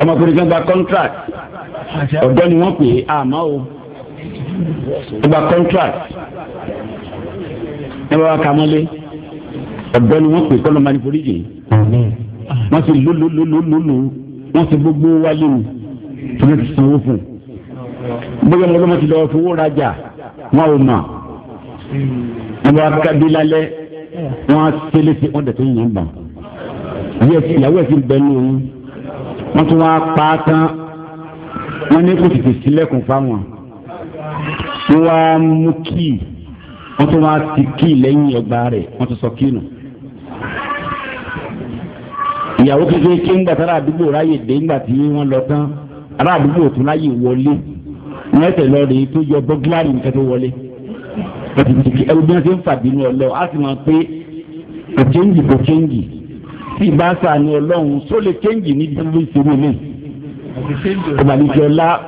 ọmọkùnrin kan gba contract ọ̀dọ́ ni wọ́n pè é àmọ́ ah, o ó gba contract ẹ bá wa kà mọ́lé ọ̀dọ́ ni wọ́n pè é kọ́ ló máa ní foríjì wọ́n ti lólólólólóló wọ́n ti gbogbo wálé mi tí wọ́n ti sanwó fún un bóyá ọmọ ọlọ́mọ ti lọ́ọ́ fowó rajà wọn ò mọ̀ ẹ bá wa wọ́n á tẹ́lẹ̀ sí ọ̀dẹ̀ tó yẹn bàn ìyàwó ẹ̀ sì ń bẹ ní oyún wọ́n tún wáá pa á tán wọ́n ní kò tètè sílẹ̀kùn fáwọn wọ́n wáá mú kíì wọ́n tún wáá ti kíì lẹ́yìn ọgbà rẹ̀ wọ́n tún sọ kíì nù. ìyàwó kékeré ké ńgbà tára àdúgbò ráyè dé ńgbà tí wọ́n lọ tán ará àdúgbò tún ráyè wọlé wọ́n ẹsẹ̀ lọ rèé tó yọ bọ́gíláàrì nǹkan tó wọlé ẹ̀rù bí wọ́n ti ń fàbínú ọlọ́ọ̀ á sì mọ̀ pé kò kéńjì kò kéńjì tí ìbá ń sàánú ọlọ́run tó lè kéńjì níbi tó lè ṣerú ilé kọ̀bàlìjọ́lá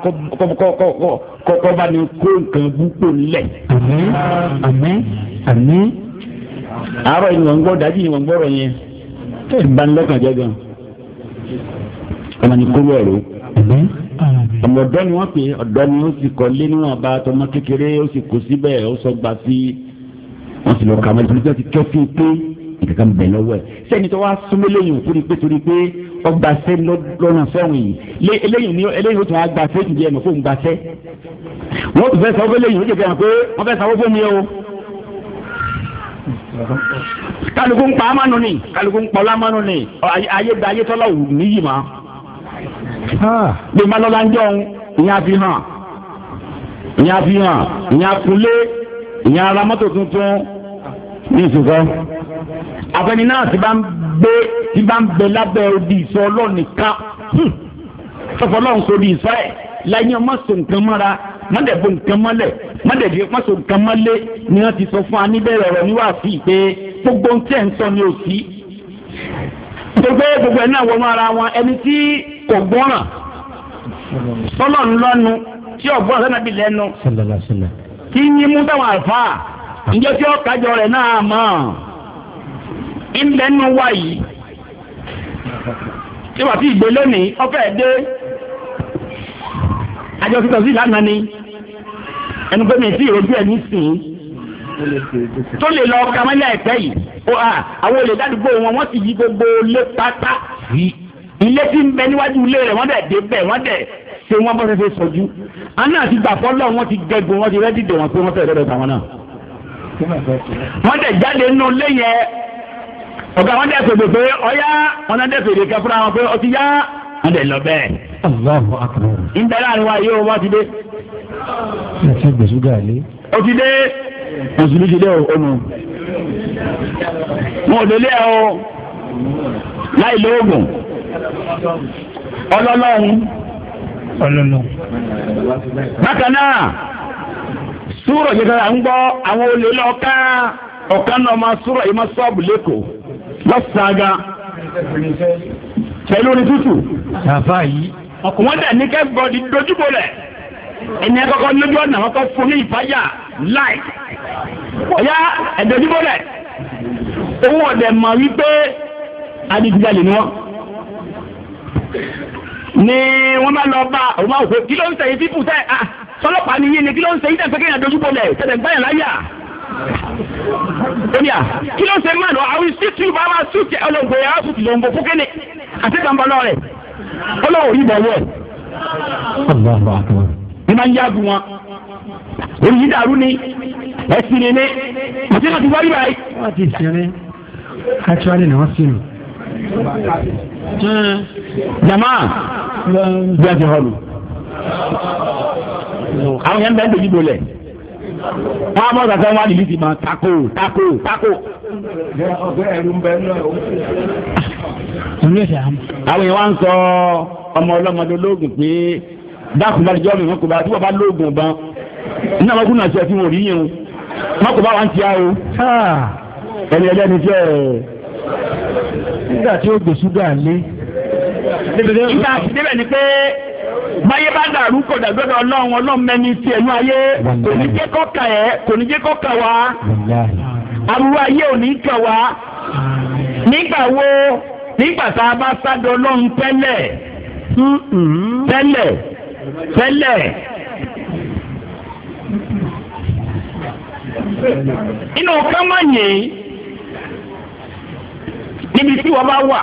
kọ́kọ́bá ni kó nǹkan púpọ̀ nílẹ̀. àárọ̀ ni gbọ́ dájú ni gbọ́rọ̀ yẹn ìbánilọ́kàn jẹ́ gan. ọmọ kúrò ẹ̀rọ. ọmọ ọ̀dọ́ ni wọ́n pè é ọ̀dọ́ ni ó sì kọ́ lé níwọ̀n bá tọmọ kékeré ó sì kó síbẹ̀ ó sọ gbà sí wọ́n sì lọ kà mọ́ ìdílé tó ti kẹ́fín pé nǹkan bẹ̀ lọ́wọ́ ẹ̀ sẹ́ni tó wá súnmọ́ lẹ́yìn òkú ni pé torí pé ọgbà sẹ́ lọ́rùn sẹ́wọ̀n yìí eléyìí ni eléyìí ó tún á gbà sẹ́ ti di ẹ̀mọ̀ fóun gbà sẹ́ wọ́n tún fẹ́ sanwó fún lẹ́yìn ó jẹ́ fẹ́ràn pé wọ́n fẹ́ sanwó fún mi o. kálukú ń pa amánu ni kálukú ń pa ọlámánu ni ayé gba ayé tọ́lá òwú níyì mọ́. bí lọ́la ń jọun ìyá fi hàn ìyá fi hàn ìyá kulé ìyá ara mọ́tò tuntun ní ìsìnkọ́ àfẹni náà ti bá ń gbé ti bá ń bẹ lábẹ́ odi ìsọ ọlọ́run nìkan sọfọ hmm. ọlọ́run kò di ìsọ ẹ̀ láyé ọmọ sọ nǹkan mọ́ra mọ́dẹ̀ bo nǹkan mọ́lẹ̀ mọ́dẹ̀ di ọmọ sọ nǹkan mọ́lẹ̀ ni wọ́n ti sọ fún wa níbẹ̀rẹ̀ ọ̀rọ̀ níwá sí i pé gbogbo ń tẹ̀ ń sọ ni ò sí. gbogbo gbogbo ẹ̀ náà wọnú ara wọn ẹni tí kò gbọ́ràn sọlọ́ọ̀nù lọ́nu tí ọ̀gbọ́n njẹ́ tí ó kájọ rẹ̀ náà mọ̀ ìbẹ́nu wà yìí tí wàá fi ìgbé lónìí ọ̀fẹ́ dé àjọ títọ́ sí lánàá ni ẹnu pé mi sí ìrojú ẹ̀ nísìnyí tó lè lọ ọkà mọ́lẹ̀ ẹ̀pẹ́ yìí àwọn olè dádúgbò wọn wọ́n ti yí gbogbo lé pátá ilé tí ń bẹ níwájú ilé rẹ̀ wọ́n dẹ̀ dé bẹ̀ wọ́n dẹ̀ ṣe wọ́n bọ́ fẹ́fẹ́ sọ́jú àná àti gbà fọ́lọ́ wọn ti gẹ̀gùn wọn ti rẹ́dídè wọn pé wọ́n fẹ́ẹ́ rẹ́dọ̀ tàwọn náà wọ́n tẹ̀ jáde nínú ilé yẹn ọ̀gá wọn dẹ̀ fèdè pé ọ̀yá wọn dẹ̀ fèdè kẹfúra wọn pé ọtí yá wọn dẹ̀ lọ bẹ́ẹ̀. ìgbà láàrin wa yóò wá ti dé. ó ti dé mùsùlùmí ti dé ònù wọn ò délé ẹ o láì lóògùn ọlọ́lọ́hún. bákan náà súrọ̀ yìí dára ń gbọ́ àwọn olè lọ́ọ́ká ọ̀kan náà máa súrọ̀ yìí máa sọ́ọ̀bù lẹ́kọ̀ọ́ lọ́sàn-án gan pẹ̀lú orin tútù. Bàbá yìí. Wọ́n dẹ̀ ní kẹ́bọ̀dì dojúbò rẹ̀. Ẹni ẹ kọ́kọ́ lójú ọ̀nà wọn kọ́ fún ní ìfáyà láì. Ọ̀yá ẹ̀dọ̀júbò rẹ̀. Owó ọ̀dẹ̀ mọ̀ wípé adigunjalè ni wọ́n. Ni wọ́n bá lọ bá òun máa wò pé kí ló ń tẹ̀yìn fífù tẹ̀ ah sọlọ́pàá ni yín ni kí ló ń ṣe yín tẹ̀ fẹ́ kéèyàn dojú bolẹ̀ tẹ̀lẹ̀ gbáyà láyà. Omi à kí ló ń ṣe mọ́nà àwọn ìsítú ìbá máa sùn tẹ ọlọ́gbọ̀n yàrá sùn tìlọ̀ ń bọ̀ fún kéde àti kàńbọ̀ náà rẹ̀ ọlọ́wọ̀ yìí bọ̀ wọ̀. Ní máa ń yáàgùn wọn, orí yìí dàrú ni, ẹ̀sìn ni ní, àti láti wáyé báyìí. Wọ́n ti sìn ní, actually ni wọ́n sìn àwọn yẹn ń bẹ́ẹ̀ dojú bolẹ̀ wọn bọ sàtẹ wọn àdìlí ti ma tako tako tako. ọbẹ ẹrú ń bẹ náà o. àwọn yẹn wá ń sọ ọmọ ọlọ́mọdé lóògùn pé dákùnbá ni jọ́ọ̀mù ìwọ̀n kò bá tí wọ́n bá lóògùn ban nínú àwọn kùnà tí a ti wọ̀ rí yẹn o wọn kò bá wà ń tiá o. ẹni ẹlẹ́ni tí nígbà tí ó gbèsúgà lé. níbẹ̀ ni pé báyé bá dàrú kò dàgbọ́dọ̀ ọlọ́run ọlọ́run mẹ́ni ti ẹ̀nu ayé kò ní jẹ́ kó kà ẹ́ kò ní jẹ́ kó kà wá àbúrò ayé ò ní kà wá nígbà wo nígbà tá a bá sádọ tẹ́lẹ̀ tẹ́lẹ̀ tẹ́lẹ̀ inú níbi tí wọ́n bá wà.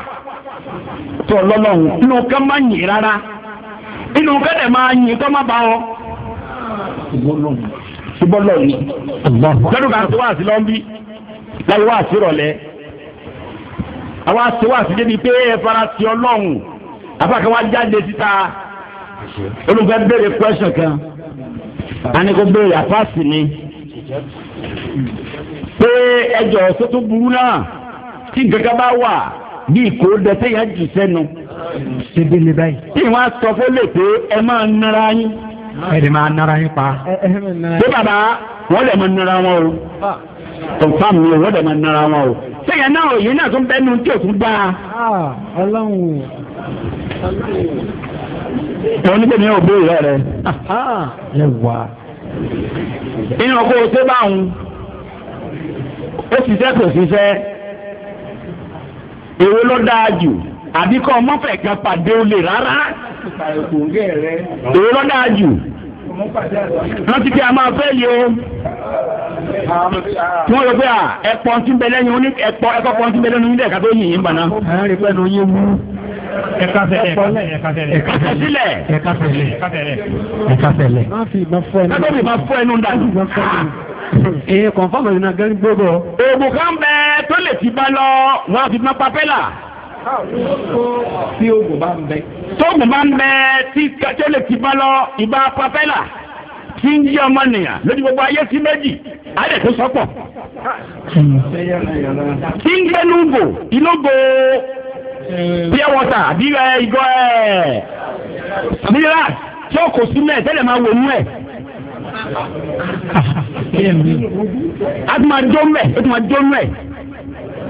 tó lọ́lọ́run inú kan máa yìn rárá inú kan dẹ̀ máa yìn tó má bá ọ. ìbọ́lọ̀ ni lọ́dún kan tó wà sí lọ́nbí láyé wà sí ìrọ̀lẹ́ àwa sí wà sí débi pé ẹ fara sí ọlọ́run àfàkàn wa jáde síta olùfẹ́ béèrè question kan àní kò béèrè àfáàsì ni pé ẹjọ́ tó tún burú náà tí gẹ́gẹ́ bá wà bí ìkó dẹsẹ yẹn jù sẹ́nu. sebele báyìí. tí wọn sọ fún lè pé ẹ máa nara yín. ẹ lè máa nara yín pa. pé bàbá wọn lè máa nara wọn o ah. confam ni o wọn lè máa nara wọn o. sẹ́yìn náà òye náà tún bẹ́ẹ̀ nu tí o tún dáa. Ah, ọlọ́run wọn ní tẹ̀mí ọ̀bẹ ìrẹ́ rẹ. ẹ wà. inú ọkọ̀ òṣèbáwọn ó sì sẹ́ sí sẹ́ èwo ló dáa jù àbí kọ́ ọmọfẹ́ kan pàdé olè rárá èwo ló dáa jù wọ́n ti fi àmọ́ afẹ́ yìí o tí wọ́n lọ pé ẹ̀pọ̀ tí ń bẹ lẹ́yìn oní ẹ̀pọ̀ ẹ̀pọ̀ pọ̀ tí ń bẹ lẹ́yìn onídẹ̀ẹ́ka tó yìn yín bàná. ẹ̀rín pẹ́ẹ́nu yín wú. ẹ̀ka fẹ̀lẹ̀ ẹ̀ka fẹ̀lẹ̀ ẹ̀ka fẹ̀lẹ̀ ẹ̀ka fẹ̀lẹ̀ ẹ̀ka fẹ̀lẹ̀ ẹ̀ka fẹ̀lẹ̀. má fi ìbá fọ ẹnu dànù. èyí kọ̀ǹfọ̀mù ẹ̀dínà gẹ́gẹ́ gbogbo. oògùn kan bẹ ọ̀bẹ tó lè fi bá lọ wọn fi máa papẹ́là. tí oògùn bá ń bẹ. tó oògùn bá ń bẹ tí tó lè fi bá lọ ìbá papẹ́là tí ń yí ọmọ nìyà lójú gbogbo ayé sí méjì ayé tó sọpọ̀. tí ń gbé lóńgò ìlóńgò pure water àbí ìgò ẹ̀ mineral tí ó kò sínú ẹ̀ tẹ́lẹ̀ máa wò mú ẹ̀ a tún máa jó mẹ́ o tún máa jó mẹ́.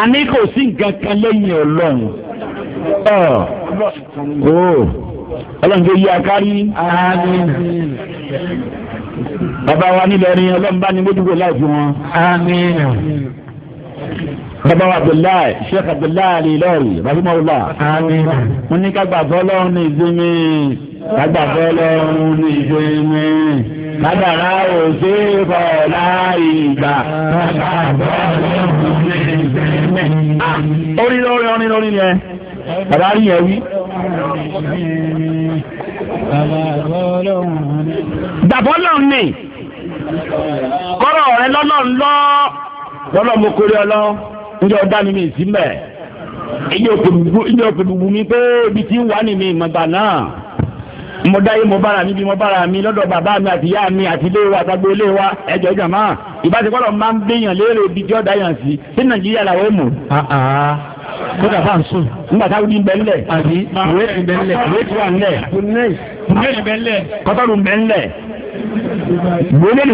àní kò sí nǹkan kan lẹ́yìn ọlọ́run ọlọ́run tó yí akárí. bàbá wa nílẹ̀ rin ọlọ́run bá ní mójúgbò láìpẹ́ wọn. bàbá wa abdullahi sheikh abdullahi alilori rahimahullah. wọ́n ní ká gbàgbọ́ ọlọ́run ní ìsinmi. Lágbàfẹ́ lọ́rùn ní ìṣẹ́mi. Kádàrá ò sí kọ̀ọ̀lá ìgbà. Lágbàfẹ́ lọ́rùn ní ìṣẹ́mi. Orí lórí orin lórí ni ẹ. Bàbá rí yẹn wí. Dàbọ̀ lọ́run ni. Kọ́rọ̀ rẹ̀ lọ́lọ́run lọ́. Lọ́lọ́ mo kórè ọlọ́. Ǹjẹ́ ọ̀dá ni mi sí mẹ́? Ìjọ òkè bùbù mi pé ibi tí ń wà ní mi ìmọ̀gbà náà mo dáyé mo bára mi bí mo bára mi lọ́dọ̀ bàbá mi àti ìyá mi àti ilé wa àtàgbé ilé wa ẹ̀jọ̀ ìjàmá ìbáṣepọ̀ lọ máa ń béèyàn léèrè ibi tí ó dá yàn sí sí nàìjíríà làwọn èèmù. Ah, ah. kódà bá ń sùn. nígbà tá a wúdi bẹ́ẹ̀ lẹ̀. àbí wéètì bẹ́ẹ̀ lẹ̀. wéètì wà ńlẹ̀. bùnẹ́ẹ̀nì bẹ́ẹ̀ lẹ̀. kọ́tọ́lù bẹ́ẹ̀ lẹ̀.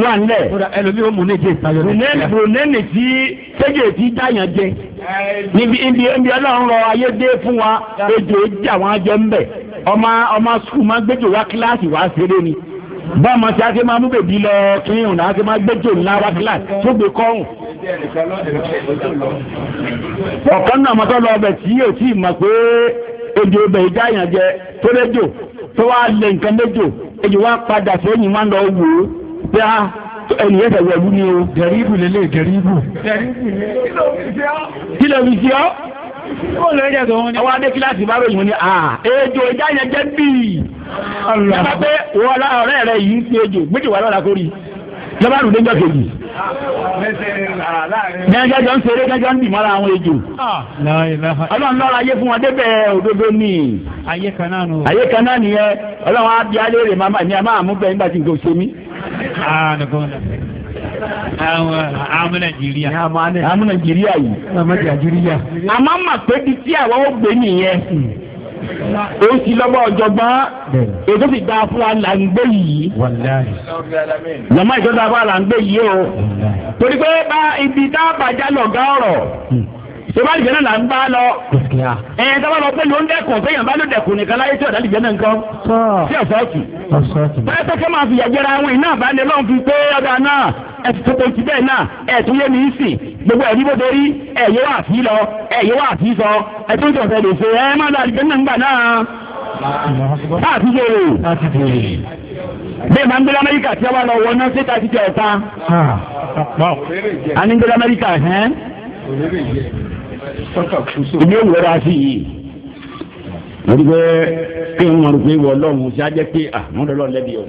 wà ńlẹ̀. ẹlòmí ó mú ní ìdí ìtayọ. bùnẹ́ẹ̀nì tí tẹ́jẹ̀ tí dá yàn jẹ. níbi wa ejò ìjà wọn ọmọ ọmọ sukùl máa gbẹ́jọ wá kíláàsì wá ṣeré ni bá ọmọ tí a ti máa mú bèbí lọ kí n náà ti máa gbẹ́jọ ńlá wá kíláàsì tó gbé kọ́rùn. ọ̀kan náà mọ́tò lọ ọbẹ̀ tí yóò tí ì mọ̀ pé èdè ọbẹ̀ ìjà yàn jẹ tó lẹ́jọ tó wá lẹ nǹkan lẹ́jọ èdè wá padà tó yìn wá lọ wò ó pé a ah, ẹnì yẹn tẹ̀wé ni o. dẹ̀ríbù lélẹ̀ dẹ̀ríbù. dẹ̀ríbù Àwọn adé kíláàsì bá ròyìn ní àà ejò ìjà yẹn jẹ́ bíi. Lọ́ba pé wọ́n lára ọ̀rẹ́ rẹ̀ yìí ń fi ejò méjì wà lọ́la kórì. Lọ́ba rù déjọ́ kejì. Gẹ́gẹ́ jọ ń ṣeré gẹ́gẹ́ ń dìmọ́ra àwọn ejò. Ah, Ọlọ́run lọ́ra ayé fún wọn débẹ̀ òdodo ni. Ayé kan náà nù. Ayé kan náà nìyẹn. Ọlọ́run á bí alẹ́ rè máa ní a máa mú bẹ́ẹ̀ nígbà tí nǹkan ò ṣe mí. Ah, àmú nàìjíríà. yìí. àmọ́ mà pé tí àwọn ó gbé nìyẹn. o hmm. sì lọ́gbọ́n ọ̀jọ̀gbọ́n ètò sì dáa fún wa là ń gbé yìí. lọ́mọ ìjọba wa là ń gbé yìí o. torí pé bá ibi tá bàjá lọ̀gá hmm. ṣé bá àlìjẹ́ náà là ń bá lọ. ẹ ẹ dábàá lọ pé ló ń dẹkùn pé yàn bá ló dẹkùn nìkan láyé tí ọ̀dà àlìjẹ́ náà ń kọ́. sí ọ̀sọ́ọ̀tì. báyọ̀ tó fẹ́ máa fi yàgbẹ́ra àwọn iná àbálẹ̀ lọ́n fi pé ọ̀dà náà ẹ ti tuntun ti bẹ́ẹ̀ náà ẹ tún yé mi í sìn gbogbo ẹ̀rí bó dorí ẹ yóò wà sí lọ ẹ yóò wà sí sọ ẹ tún jọ̀fẹ́ lè ṣe ẹ má lọ àlìjẹ́ náà ń gbà náà. Táàtì jèrè. Bẹ́ẹ̀ máa ń gbé l'Amẹ́ríkà tí wọ́n lọ wọná sí tàbí jẹ́ ẹ̀ta. A ní gbé l'Amẹ́ríkà hẹ́n ìdí òwúrọ̀ á sì yìí wọ́n ti gbẹ́ kí n mọ̀rún pé wọ́n lọ́hùn ṣe á jẹ́ pé àwọn ọlọ́run lẹ́bi o.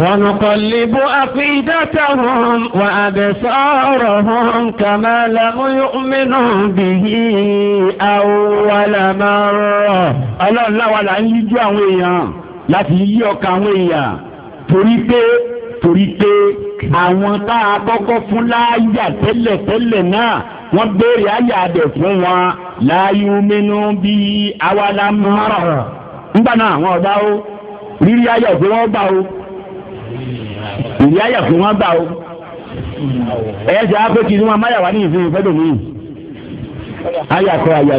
wọn kò lè bó àfidàtà hàn wà àbẹ̀sọ̀rọ̀ hàn kàmá lamúyún mínú bìyí àwòwàlámọ́rọ̀. ọlọ́run láwa là ń yíjú àwọn èèyàn láti yí ọkàn àwọn èèyàn torí pé torí pé àwọn tá a kọ́kọ́ fún láàyè tẹ́lẹ̀ tẹ́lẹ̀ náà. wọ́n béèrè ayáàdẹ̀ fún wọn láàyè bí awàlá mọ́rọ̀ náà àwọn ọ̀dá o rírí ayà fún wọn bá o rírí ayà fún wọn bá o ẹ̀yẹ́ ni wọn wá ní ìfún ìfẹ́ dòmí ayà kọ́ ayà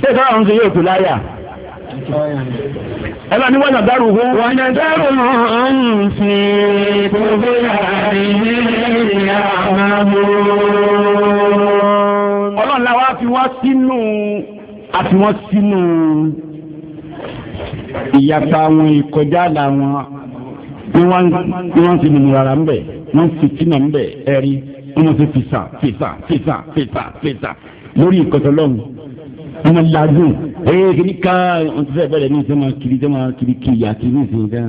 ṣé yóò tó láyà ẹ bá ní wọn wá sínú àti wọ́n sínú ìyapa àwọn ìkọjá àlà wọn bí wọ́n bí wọ́n ti nìyí rárá ń bẹ̀ wọ́n ti tìǹà ń bẹ̀ ẹ̀rí wọ́n ti fi sàn fi sàn fi sàn fi sàn fi sàn lórí ìkọsọ̀lọ́hún wọ́n máa lagùn ẹ̀yẹ kìíní ká wọ́n ti fẹ́ bẹ̀rẹ̀ ní ìsẹ́mà kiri ìsẹ́mà kiri kiri àti ní ìsìn ìdá.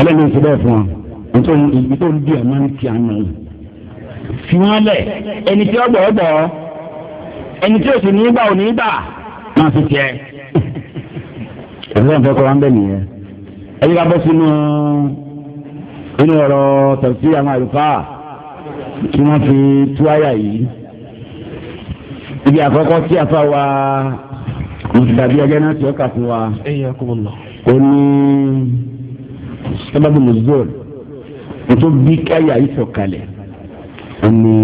ẹlẹ́ni ìṣẹ́ bẹ́ẹ̀ fún wa nítorí ibi tó máa ń ti àná yìí fi wọ́n lẹ̀ ẹni tí ó gbọ́ gbọ́ ẹni tí ó sì ní gbà ò ní gbà máa fi tiẹ̀. ìṣẹ́ ìfẹ́ kọ́ wa ń bẹ̀ nìyẹn. ẹ yí ká bọ́ sínú inú ọ̀rọ̀ tẹ̀sí àwọn àlùfáà tí wọ́n fi tú àyà yìí. ibi àkọ́kọ́ tí àfa wa mùsùlùmí ẹgbẹ́ náà tí ó kà fún wa. ó ní sábàbí mùsùlùmí tó bí káyà yìí sọ̀kalẹ̀ ẹni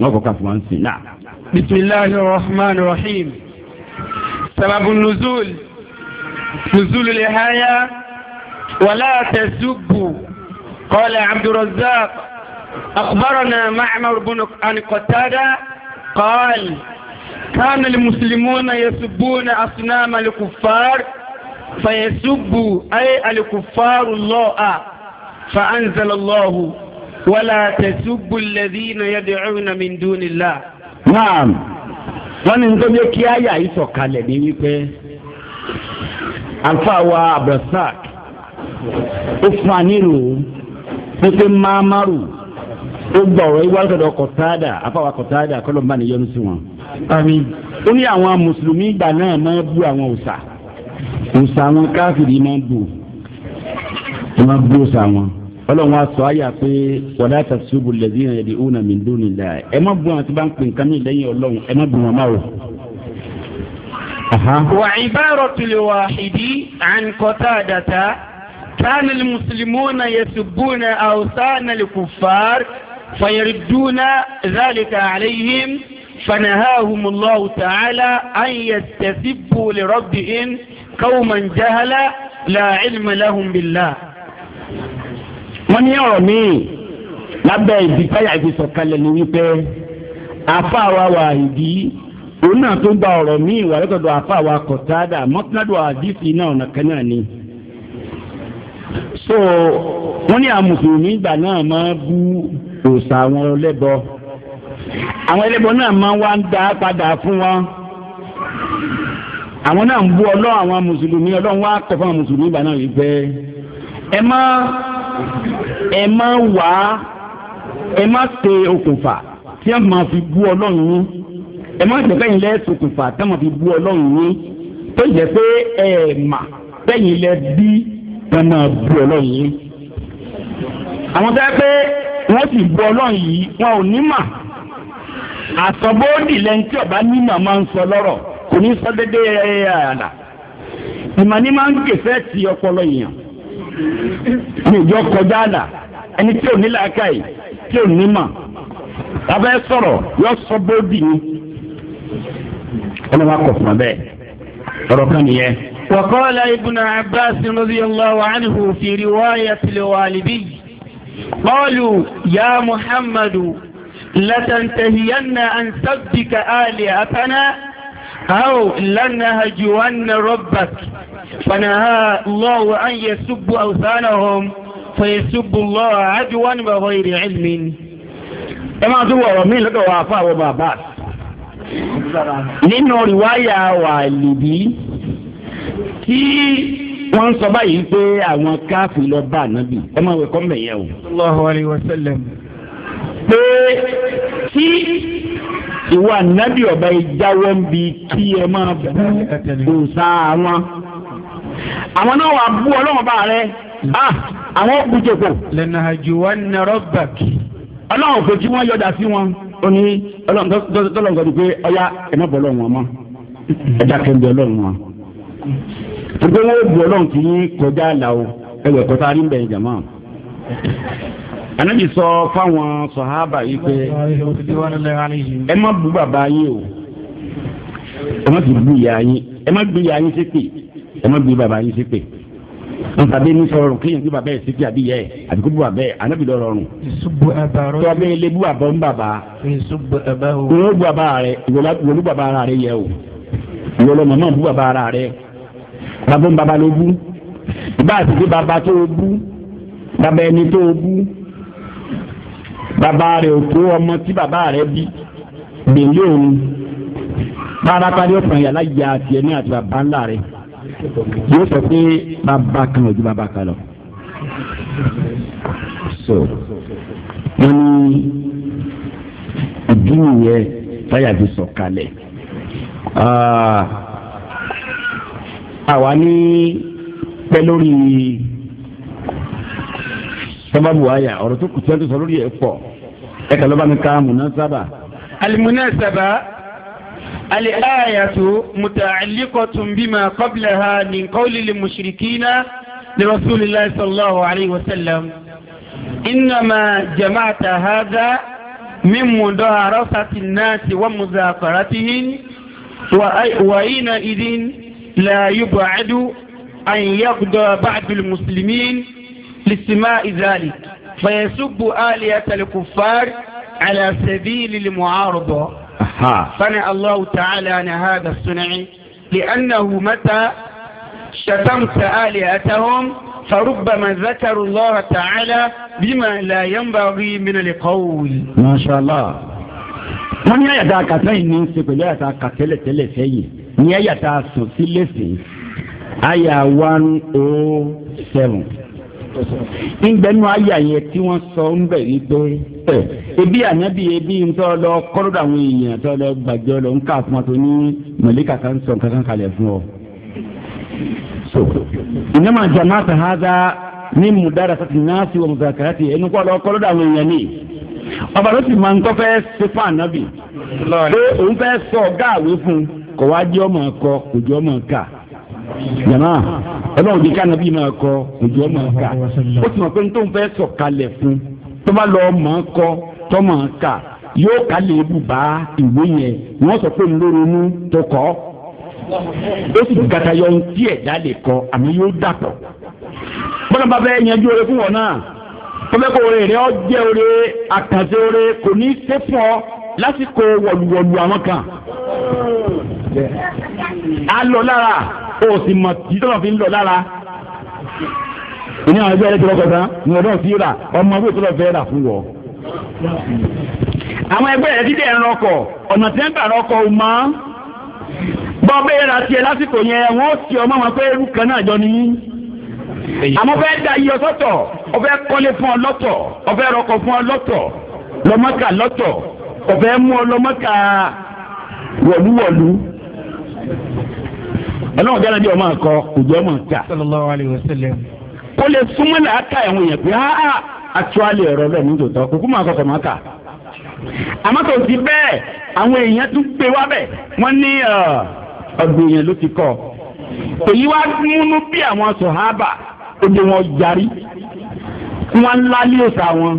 wọn kọ káfíńwá ń sìn náà. bisimilahi rahman rahim sababu nuzul nuzul lihaya wala tasubu qala abdulrazaq akhbarana ma'mar bin an qatada qal كان المسلمون يسبون أصنام الكفار فيسبوا أي الكفار الله wala tasubbu alladhina yad'una min dunillah. naam wọ́n ní nítorí kí àyà yìí sọ̀kalẹ̀ ní wípé alfa wa abdulsak ó fún anílù pípé máàmárù ó gbọ̀rọ̀ ìwádìí kọ̀tádà afáwa kọ̀tádà kọ́lọ́mbà ní yọ́nú sí wọn. àmín. ó ní àwọn mùsùlùmí ìgbà náà máa bú àwọn òòṣà òòṣà àwọn káfíìrì máa bú bú òòṣà wọn ọlọ́run aṣọ àyà pé wàlá tàṣubù lẹ́sìn ẹ̀dí ọ̀nà mi lónìí la ẹ má bu àwọn tí bá ń pè nǹkan mi lẹ́yìn ọlọ́run ẹ má bu wọn máa wò. wà ibaratu liwahidi an qatadata kana almuslimuna yasubuna awsana alkuffar fayariduna dhalika alayhim fanahahum allah ta'ala an yastasibu li rabbihim qauman jahala la ilma lahum billah wọ́n ní ọ̀rọ̀ míì lábẹ́ ìdí táyà ìfi sọ̀kalẹ̀ ni wípé àfa wa wà ìdí òun náà tó gba ọ̀rọ̀ míì wà lọ́kọ̀dọ̀ àfa wa kọ̀tádà mọ́tínádọ̀ àdìsí náà ọ̀nà kan náà ni. so wọ́n ní àmùsùlùmí ìgbà náà máa bú òòṣà àwọn ẹlẹ́bọ àwọn ẹlẹ́bọ náà máa wá ń dá padà fún wọn àwọn náà ń bú ọlọ́ àwọn mùsùlùmí ọlọ́run wá kọ̀ fún àwọn mùsùlùmí ìgbà náà wípé ẹ máa ẹ má wá ẹ má ṣe okùnfà tí a máa fi bú ọlọ́run yín ẹ má jẹ́ kẹ́yìn lẹ́ ṣokùnfà tí a máa fi bú ọlọ́run yín tó jẹ́ pé ẹ mà kẹ́yìn lẹ́ bí ẹ máa bú ọlọ́run yín. àwọn tó yẹ pé wọ́n sì bú ọlọ́run yìí wọn ò ní mà àsọ̀bọ́ọ̀dì lẹ́yìn tí ọba ní mà máa ń sọ lọ́rọ̀ kò ní sọ déédéé ẹ̀ ẹ̀ àlà ìmọ̀ ni máa ń gbèsè ti ọpọlọ èèyàn ní ìjọ kọjá àlà ẹni tí ò ní làákàyè tí ò ní mà abẹ́ sọ̀rọ̀ yọ sọ bóódì ni ọlọ́wà kọ̀ fún abẹ́ ọ̀rọ̀ kan nìyẹn. وقال ابن عباس رضي الله عنه في رواية الوالدي قالوا يا محمد لتنتهين عن سبك آلهتنا أو لنهجون ربك فنهى الله أن يسبوا أوثانهم فيسبوا الله عدوا بغير علم ẹmọ tó wọ̀rọ̀ mí lọ́dọ̀ wa fún àwọn bàbá nínú rìwáyà wà lìbí tí wọ́n ń sọ báyìí pé àwọn káàfì lọ bá ànábì ẹ máa wẹ̀ kọ́mbẹ̀ yẹn o. Allahu alayhi wa sallam. pé tí ìwà ànábì ọba ìjáwọ́ ń bi kí ẹ máa bú òòsà wọn. àwọn náà wà bú ọlọ́run bá rẹ àwọn kùjẹ̀kọ̀. lẹ́nu àjò wa ní rọ́bàkì. ọlọ́run kò tí wọ́n yọ̀dà sí wọn. ó ní ọlọ́run gbọ́dọ̀ pé ọya ẹ̀ má bọ̀ ọlọ́run wọn mọ́ ẹ̀dá kẹ́ńdé ọlọ́run wọn. wọn bu sọ fáwọn sọ̀hábà yìí pé ẹ má o ẹ má ẹ má bí bàbá yín ṣépè nfàdé ní sọ̀rọ̀ kéèyàn bí bàbá yẹ ṣépè àbí yẹ àbí kó bí bàbá yẹ anábì lọ́rọ̀ rùn. tó bẹ́ẹ̀ lé bú àbọ̀ ń bàbá ìwọ bú bàbá rẹ ìwọ bú bàbá ara rẹ yẹ o ìwọ lọ màmá bú bàbá ara rẹ bàbá ń bàbá ló bú ìbá àti ti bàbá tó o bú bàbá ẹni tó o bú bàbá rẹ ò ọmọ tí bàbá rẹ bí gbèlè òun bá arápárí ọ̀pọ̀ ìyàlá yóò sọ pé bàbá kan ò ju bàbá kan lọ. so wọ́n ní ìdí nìyẹn táyà ti sọ kalẹ̀ ah, àwa ní pẹ́ lórí sábàbù àyà ọ̀rọ̀ tó kù tí wọ́n ti sọ lórí ẹ̀ pọ̀ ẹ̀ka ló mi ka mùnà sábà. àlùmùnà sábà. الآية متعلقة بما قبلها من قول المشركين لرسول الله صلى الله عليه وسلم إنما جمعت هذا من مدارسة الناس ومذاكرتهم وحينئذ لا يبعد أن يقضى بعض المسلمين لسماع ذلك فيسب آلية الكفار على سبيل المعارضة صنع الله تعالى عن هذا الصنع لأنه متى شتمت آلهتهم فربما ذكروا الله تعالى بما لا ينبغي من القول ما شاء الله wọ́n ní àyàtà àkàtẹ́yìn ní í ṣe pẹ̀lú àyàtà àkàtẹ́lẹ̀tẹ́lẹ̀ sẹ́yìn ní àyàtà sùn sí lẹ́sìn àyà one oh seven. ńgbẹ́nu àyà yẹn tí wọ́n sọ ń ebi ànábì ebi ń tọ́ lọ kọ́lọ́dọ̀ àwọn èèyàn tọ́ lọ gbàjọ́ lọ ń fún ọ ní mọ̀lẹ́kà kan sọ kankan kalẹ̀ fún ọ. so ha dá ní mudara sati náà sí wọn mùsàkàrà ti ẹnu kọ́ lọ kọ́lọ́dọ̀ àwọn èèyàn ni ọba ló sì máa ń fẹ́ ṣe fún pé òun fẹ́ sọ ọ̀gá fún ọmọ kọ kòjú ọmọ yàrá ọlọ́run ní káná bí máa kọ òjò ọmọ ká ó ti mọ̀ pé nítorí fẹ́ sọ̀kalẹ̀ fún tó bá lọ mọ̀ ọ́ kọ tọ́mọ̀ ká yóò ká lè bùbá ìwé yẹn wọ́n sọ pé ńlórunú tó kọ́ ó sì gàtà yọ ohun tí ẹ̀dá lè kọ àmì yóò dàpọ̀ bọ́lá bá bẹ́ẹ̀ yanjú oore fún wọn náà tọ́lẹ́ kó oore rẹ ọ jẹ́ oore àkànṣe oore kò ní í ṣe fún ọ lásìkò wọ̀lùwọ̀lù àwọn kan. a lọ lára o sì mọ̀ tí tọ́lọ̀ fi ń lọ lára ìní àwọn ẹgbẹ́ rẹ ti lọ́kọ̀ tán ní ọdún tí ó rà ọmọ ẹgbẹ́ tọ́lọ̀ fẹ́ rà fún wọ. àwọn ẹgbẹ́ rẹ dídẹ̀ ń rọkọ̀ ọ̀nà tí ń gbà rọkọ̀ ò mọ́ bọ́ bẹ́ẹ̀ ra tiẹ̀ lásìkò yẹn wọ́n ti ọmọ wọn pé irú kan náà jọ ní. àmọ́ fẹ́ da iye sọ́tọ̀ ọfẹ́ kọ́lé fún ọ lọ́tọ̀ ọfẹ́ rọkọ̀ fún ọ lọ́tọ̀ lọ́mọ́kà lọ́tọ̀ ọfẹ́ mú ọ ọlọ́run dáná bí ọmọ akọ kò ọmọ ta. sallallahu lè súnmọ́ là ká àwọn èèyàn pé áá àtúwálé ọ̀rọ̀ bẹ́ẹ̀ níjò tán kókó máa kọkọ̀ máa kà. àmọ́ kò sí bẹ́ẹ̀ àwọn èèyàn tún gbé wá bẹ̀ wọ́n ní ọ̀gbìn èèyàn ló ti kọ́ èyí wá múnú bí àwọn sọ̀hábà òde wọn yarí wọn ńlá lé òsà wọn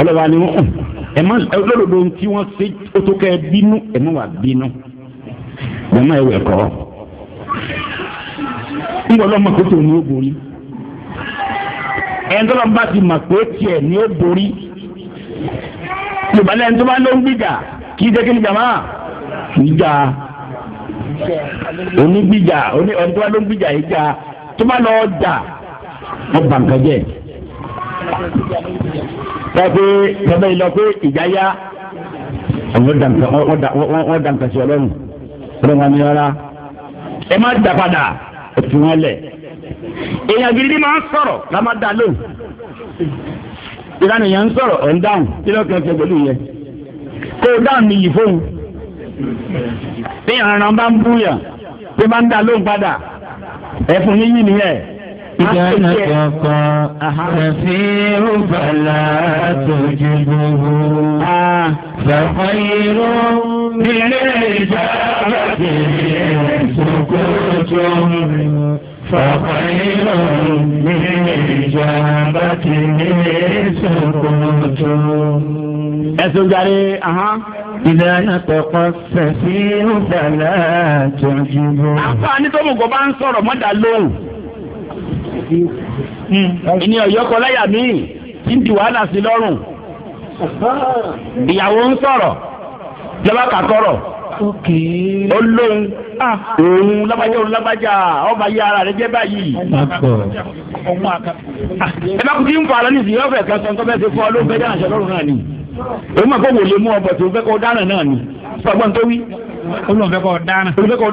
ọlọ́ba ni wọ́n ẹ̀ mọ́ lọ́dọ̀dọ̀ tí wọ́n ṣe ó tó kẹ́ bínú ẹ̀ mọ́ wà bínú jama ẹwẹ kọ ńgbọ́dọ̀ mọ̀ pé tòun ni ó borí ẹni tó lọ bá ti mọ̀ pé tiẹ̀ ni ó borí yorùbá lẹ́yìn tó bá ló ń gbìjà kì í jẹ́ kí ni jama ìjà onígbìjà oní ọ̀n tó bá ló ń gbìjà ìjà tó bá lọ jà wọ́n bà nǹkan jẹ́ tọ́pẹ́ tọ́pẹ́ ìlọ pé ìjà yá wọ́n dànkà sí ọlọ́run ọlọ́wọ́n mi rárá ẹ má dà padà òtún wọn lẹ̀ èèyàn gidi máa ń sọ̀rọ̀ la má dà lóhùn ìlànà èèyàn ń sọ̀rọ̀ ẹ̀ ń dáhùn kí lọ́kàn ṣe pẹ̀lú yẹn kó o dáhùn mi yìí fóun bí ìrànràn bá ń bú yàn bí bá ń dà lóhùn padà ẹ̀ fún yín yìí nìyẹn. كانت كثير فلا تجبه فخير من إجابته سكوت فخير من إجابته سكوت ẹ̀sùn jàre ìlànà tọkọ fẹ̀sí fẹ̀lẹ́ tó jùlọ. àǹfààní mú kó bá ń sọ̀rọ̀ mọ́dà lóhùn. Hmm. ìní ọ̀yọ́kọ láyà míì tí ń di wàhálà sí lọ́rùn ìyàwó ń sọ̀rọ̀ lọ́ba kàkọ́rọ̀ ó lóun ah. lágbájá lágbájá ọba yìí ara rẹ báyìí. Ah, ẹ bá kú kí n fa ara nísìnyí ọ̀fẹ́ kan bẹ́ẹ̀ ṣe fọ́ ló náà ni òun kó wò lè mú tó fẹ́ kó náà ni sọgbọ́n tó wí. olùfẹ́ kó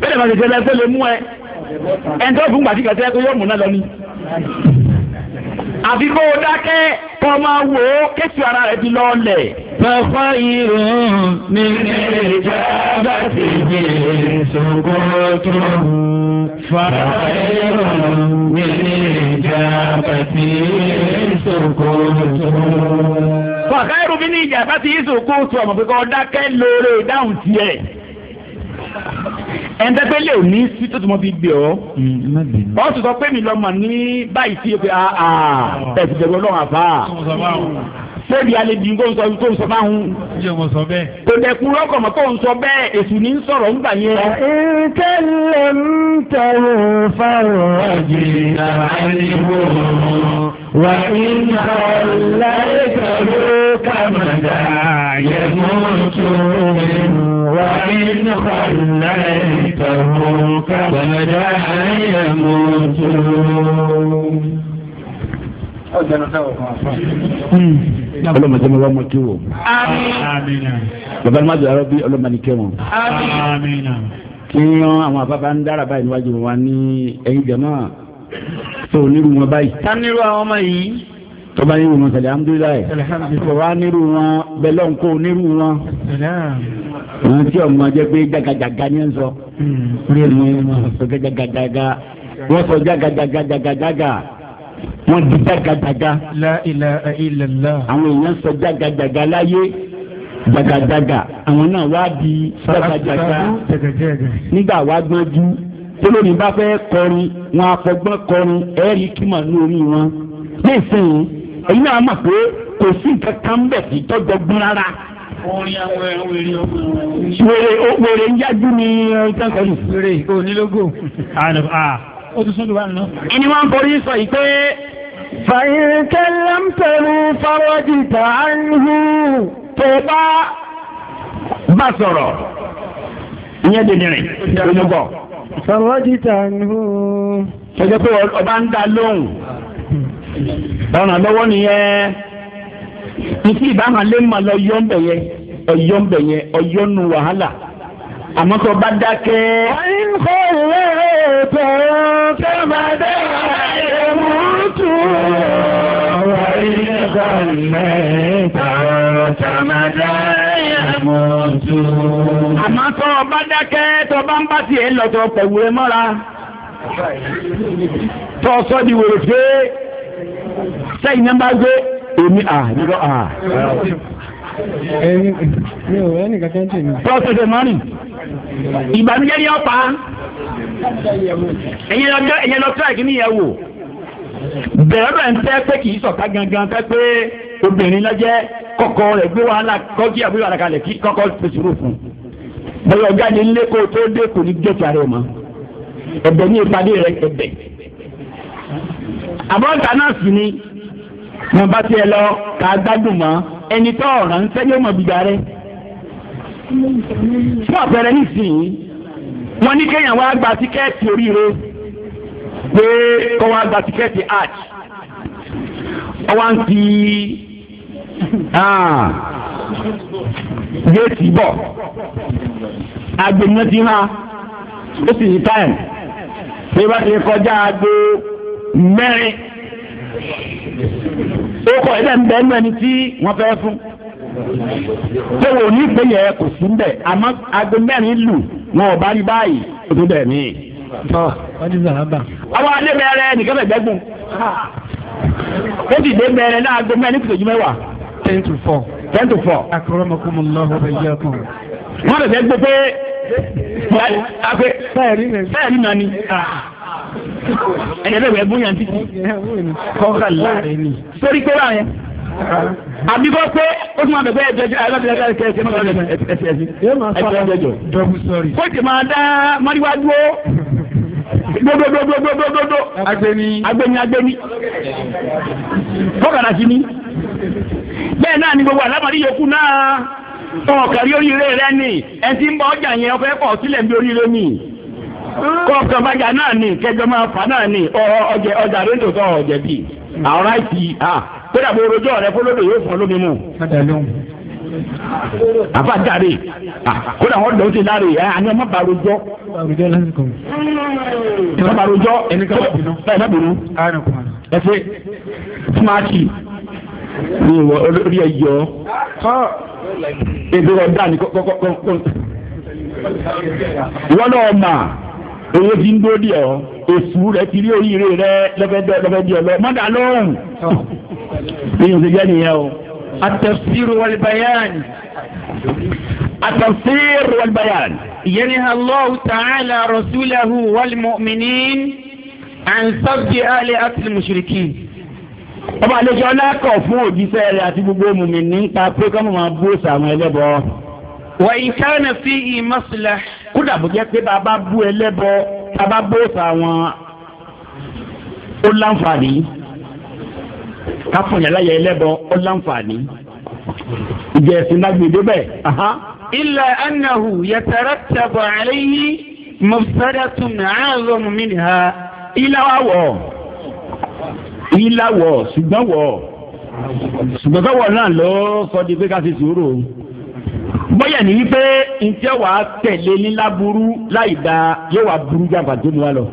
bẹ́ẹ̀ bá ti lẹ́sẹ̀ lè mú ẹ ẹ̀ ń tọ́ fún gbàtí kẹsẹ́ pé yóò náà lọ ni. àfi kó o dákẹ́ kó o máa wò ó kéṣù ara rẹ̀ ti lọ́ọ̀lẹ̀. Bàbá irun mi ní ìjà bá ti di ìṣòro tó wù. Bàbá irun mi ní ìjà bá ti di ìṣòro tó wù. Bàbá irun mi ní ìjà bá ti di ìṣòro tó wù. Ọmọ pé kó o dákẹ́ lóore ìdáhùn tiẹ̀ ẹ̀ńtẹ́pẹ́ lè ní sí tó tún mọ́ fi gbé ọ́. Mm, wọ́n sì sọ pé mi lọ́mọ ní báyìí sí pé ah, ah, ẹ̀sìn jẹ̀rọ ọlọ́run àfáà sẹ́ẹ̀dì alẹ́bí kó ń sọ kó ń sọ máa ń. ǹjẹ́ mo sọ bẹ́ẹ̀. kò dẹ̀kun lọ́kọ̀ mọ́ kó ń sọ bẹ́ẹ̀ èsù ní ń sọ̀rọ̀ ńgbà yẹn. ìtẹ̀lẹ̀ ń tẹ̀wò fáwọn ọ̀jìn àìníwò wà iná láìpẹ̀lú kàmàdà yẹ̀mọ́tò wà iná láìpẹ̀lú kàmàdà yẹ̀mọ́tò ọlọ́mọdé mi wá mọ kí wò. bàbá ni má jọ arọ́bí ọlọ́mọdé kẹ́ wọn. kí wọ́n àwọn àbábá ń dára báyìí níwájú wa ní ẹ̀yìn jẹ̀mọ́ tó onírú wọn báyìí. ta nírú àwọn ọmọ yìí. tọ́ba nírú wọn sẹ̀lẹ̀ amúdúláyé. tọ́ba nírú wọn bẹ́lẹ̀ ń kó onírú wọn. wọn tí ọmọ jẹ pé jagajaga ni hmm, ń sọ. Hmm, wọ́n sọ jagajaga jagajaga jagajaga wọ́n di jágajàga. la ilaha illallah. àwọn èèyàn sọ jágajàga láyé jagajaga àwọn náà wá di jagajaga nígbà wá gbọ́njú tolóni bá fẹ́ kọrin wọn afọgbọ́n kọrin ẹ̀rí kímọ̀ lórí wọn nísìnyí èyí náà mọ̀ pé kò sí nǹkan kan bẹ̀ sí tọ́jọ́ gbọ́n rárá. wèrè wèrè ń yájú ní ọ̀sán kọ́ni. wèrè onílógún ó ti sún dùbà nù. ẹni wọn forí sọ yìí pé. fàyín kẹlẹ́m tẹ̀lú fáwọ́dì tàánhù tó bá bá sọ̀rọ̀ ìyẹn dènìrìn olùgbọ̀. fáwọ́dì tàánhù. ṣèjọ pé ọba ń dá lóhùn ọ̀ràn lọ́wọ́ nìyẹn ìsì ìbámu alẹ́ mọ̀ lọ yọ̀ ń bẹ̀yẹ ọ̀yọ̀ ń bẹ̀yẹ ọ̀yọ̀ nu wàhálà àmọ́ tó bá dákẹ́. wọ́n ń kọ́ ìwé ètò tó máa dé ààyè mú tù. ọ̀rọ̀ ilé ìgbàlẹ̀ ìta tó máa dé ààyè mú tù. àmọ́ tó bá dákẹ́ tó bá ń bá tiẹ̀ lọ tó pẹ̀wù ẹ mọ́ra. tó sọ di wèrè pé sẹ́yìn náà gbé èmi à nígbà ẹni mi ò rẹ́ni kankan tè mí. prọfẹsẹ mọ́nì ìbànújẹ́ ni ọ̀pá ẹ̀yẹ lọ́jọ́ ẹ̀yẹ lọ́jọ́ àìkíní yẹn wò bẹ̀rẹ̀ bẹ̀rẹ̀ ń tẹ́ pé kì í sọ̀tá gangan pé pé obìnrin lọ́jẹ́ kọ̀kọ́ rẹ̀ gbé wàhálà kọ́kí àbúrò àlàkalẹ̀ kí kọ́kọ́ fèsì rò fún bẹ́ẹ̀ ọ̀gá ni ńlẹ́ kó tó dé kò ní gẹ̀ẹ́tì ara ẹ̀ mọ́ ẹ̀bẹ̀ ní ìpàdé rẹ̀ ẹ̀bẹ̀ àbọ̀ǹtà náà sì ni wọn bá tiẹ̀ lọ kà gbádùn mọ́ ẹni tó ọ̀ràn ń sẹ́yìn ọmọ gbígbà rẹ̀. fún àpẹẹrẹ nísìnyí wọn ní kéèyàn wá gba tíkẹ́ẹ̀tì oríire pé kọ́ wá gba tíkẹ́ẹ̀tì art ọwọ́ ń fi géètì bọ̀ agbèmọ́ ti hàn ó sì ní táìmù bí wọ́n ti kọjá agbo mẹ́rin ó kọ ẹ̀ bẹ́ẹ̀ ń bẹ́ẹ̀ lẹ́ni tí wọ́n fẹ́ fún tó wò ní ìpéyẹ kò sí mbẹ àmọ́ aago mẹ́rin lù wọn ò bá rí báyìí ó tó bẹ̀ mí. ọwọ́ adé bẹ̀rẹ̀ nìkan bẹ̀ gbẹ́gùn ó ti dé bẹ̀rẹ̀ náà aago mẹ́rin kùtòjú mẹ́wàá. ten to four. ten to four. akramakumullahu wa iyyakum. wọ́n lè fẹ́ gbé pé bẹ́ẹ̀ rí nani ẹ̀yẹ́ bẹ̀rẹ̀ bóyá títí kọ́kà láàrin ni. sórí pé báyẹn àbíkọ́ pé ó tún máa bẹ̀ pé ẹ̀jẹ̀jọ́ alábìlẹ̀ kẹ́kẹ́ máa bẹ̀ ẹ̀sẹ̀ ẹ̀sẹ̀ ẹ̀jẹ̀jọ́ kó tì máa dá mọ́ríwá dúró gbogbogbogbogbogbogbogbo agbeni agbeni agbeni sí ni bẹ́ẹ̀ náà ni gbogbo àlámọ̀rí yòókù náà ọ̀kàrí oríire rẹ ni ẹ̀ ti ń bọ ọjà yẹn ọ̀fẹ́ kọ̀ sílẹ̀ ń bí oríire mi. kọ́ọ̀kan bájà náà ni kẹjọ máa fà náà ni ọjà ọjà rédíò tó ọjà bíi àwọn ráìtì à kódà bó rojọ́ rẹ fọlọ́dọ̀ yóò fọ́ lómi mu. àfa dáre kódà wọn ẹ àní ọmọ jọ. ọmọ bàrù jọ ní ìwọ wọn owó ti ń dóde ọ èsù rẹ ti rí oríire rẹ lọfẹdí ọ lọ mọdà lóhùn èyàn ti jẹ nìyẹn o. atafsir wal bayan. atafsir wal bayan. yanha Allah ta'ala rasulahu wal mu'minin an sabbi ali atil mushrikin ọba àlejò ọlá kọ̀ fún òjíṣẹ́ rẹ̀ àti gbogbo mùmí ní pé kọ́mọ̀ máa bó sàmù ẹlẹ́bọ̀ọ́ wàyí kánà fi ìmọ̀sílá. kódà bó jẹ́ pé bàbá bú ẹlẹ́bọ bàbá bó sàwọn ó láǹfààní káfọ̀nyàláyà ẹlẹ́bọ ó láǹfààní ìjẹ́ ẹ̀sìn náà gbèdé bẹ́ẹ̀. ilà anahu yàtàrà tàbọ̀ àlẹ́yìn mọ̀sádàtún àárọ̀ mìíràn ilà wà wọ̀ ilà ṣùgbọ́n wọ̀ ṣùgbọ́n wọ̀ náà ló sọ di pé ká fi sùúrù bóyá ní wípé ntẹ́ wàá tẹ̀lé nílá burú láì dáa yóò wá burú jàǹfà tó mu wá lọ.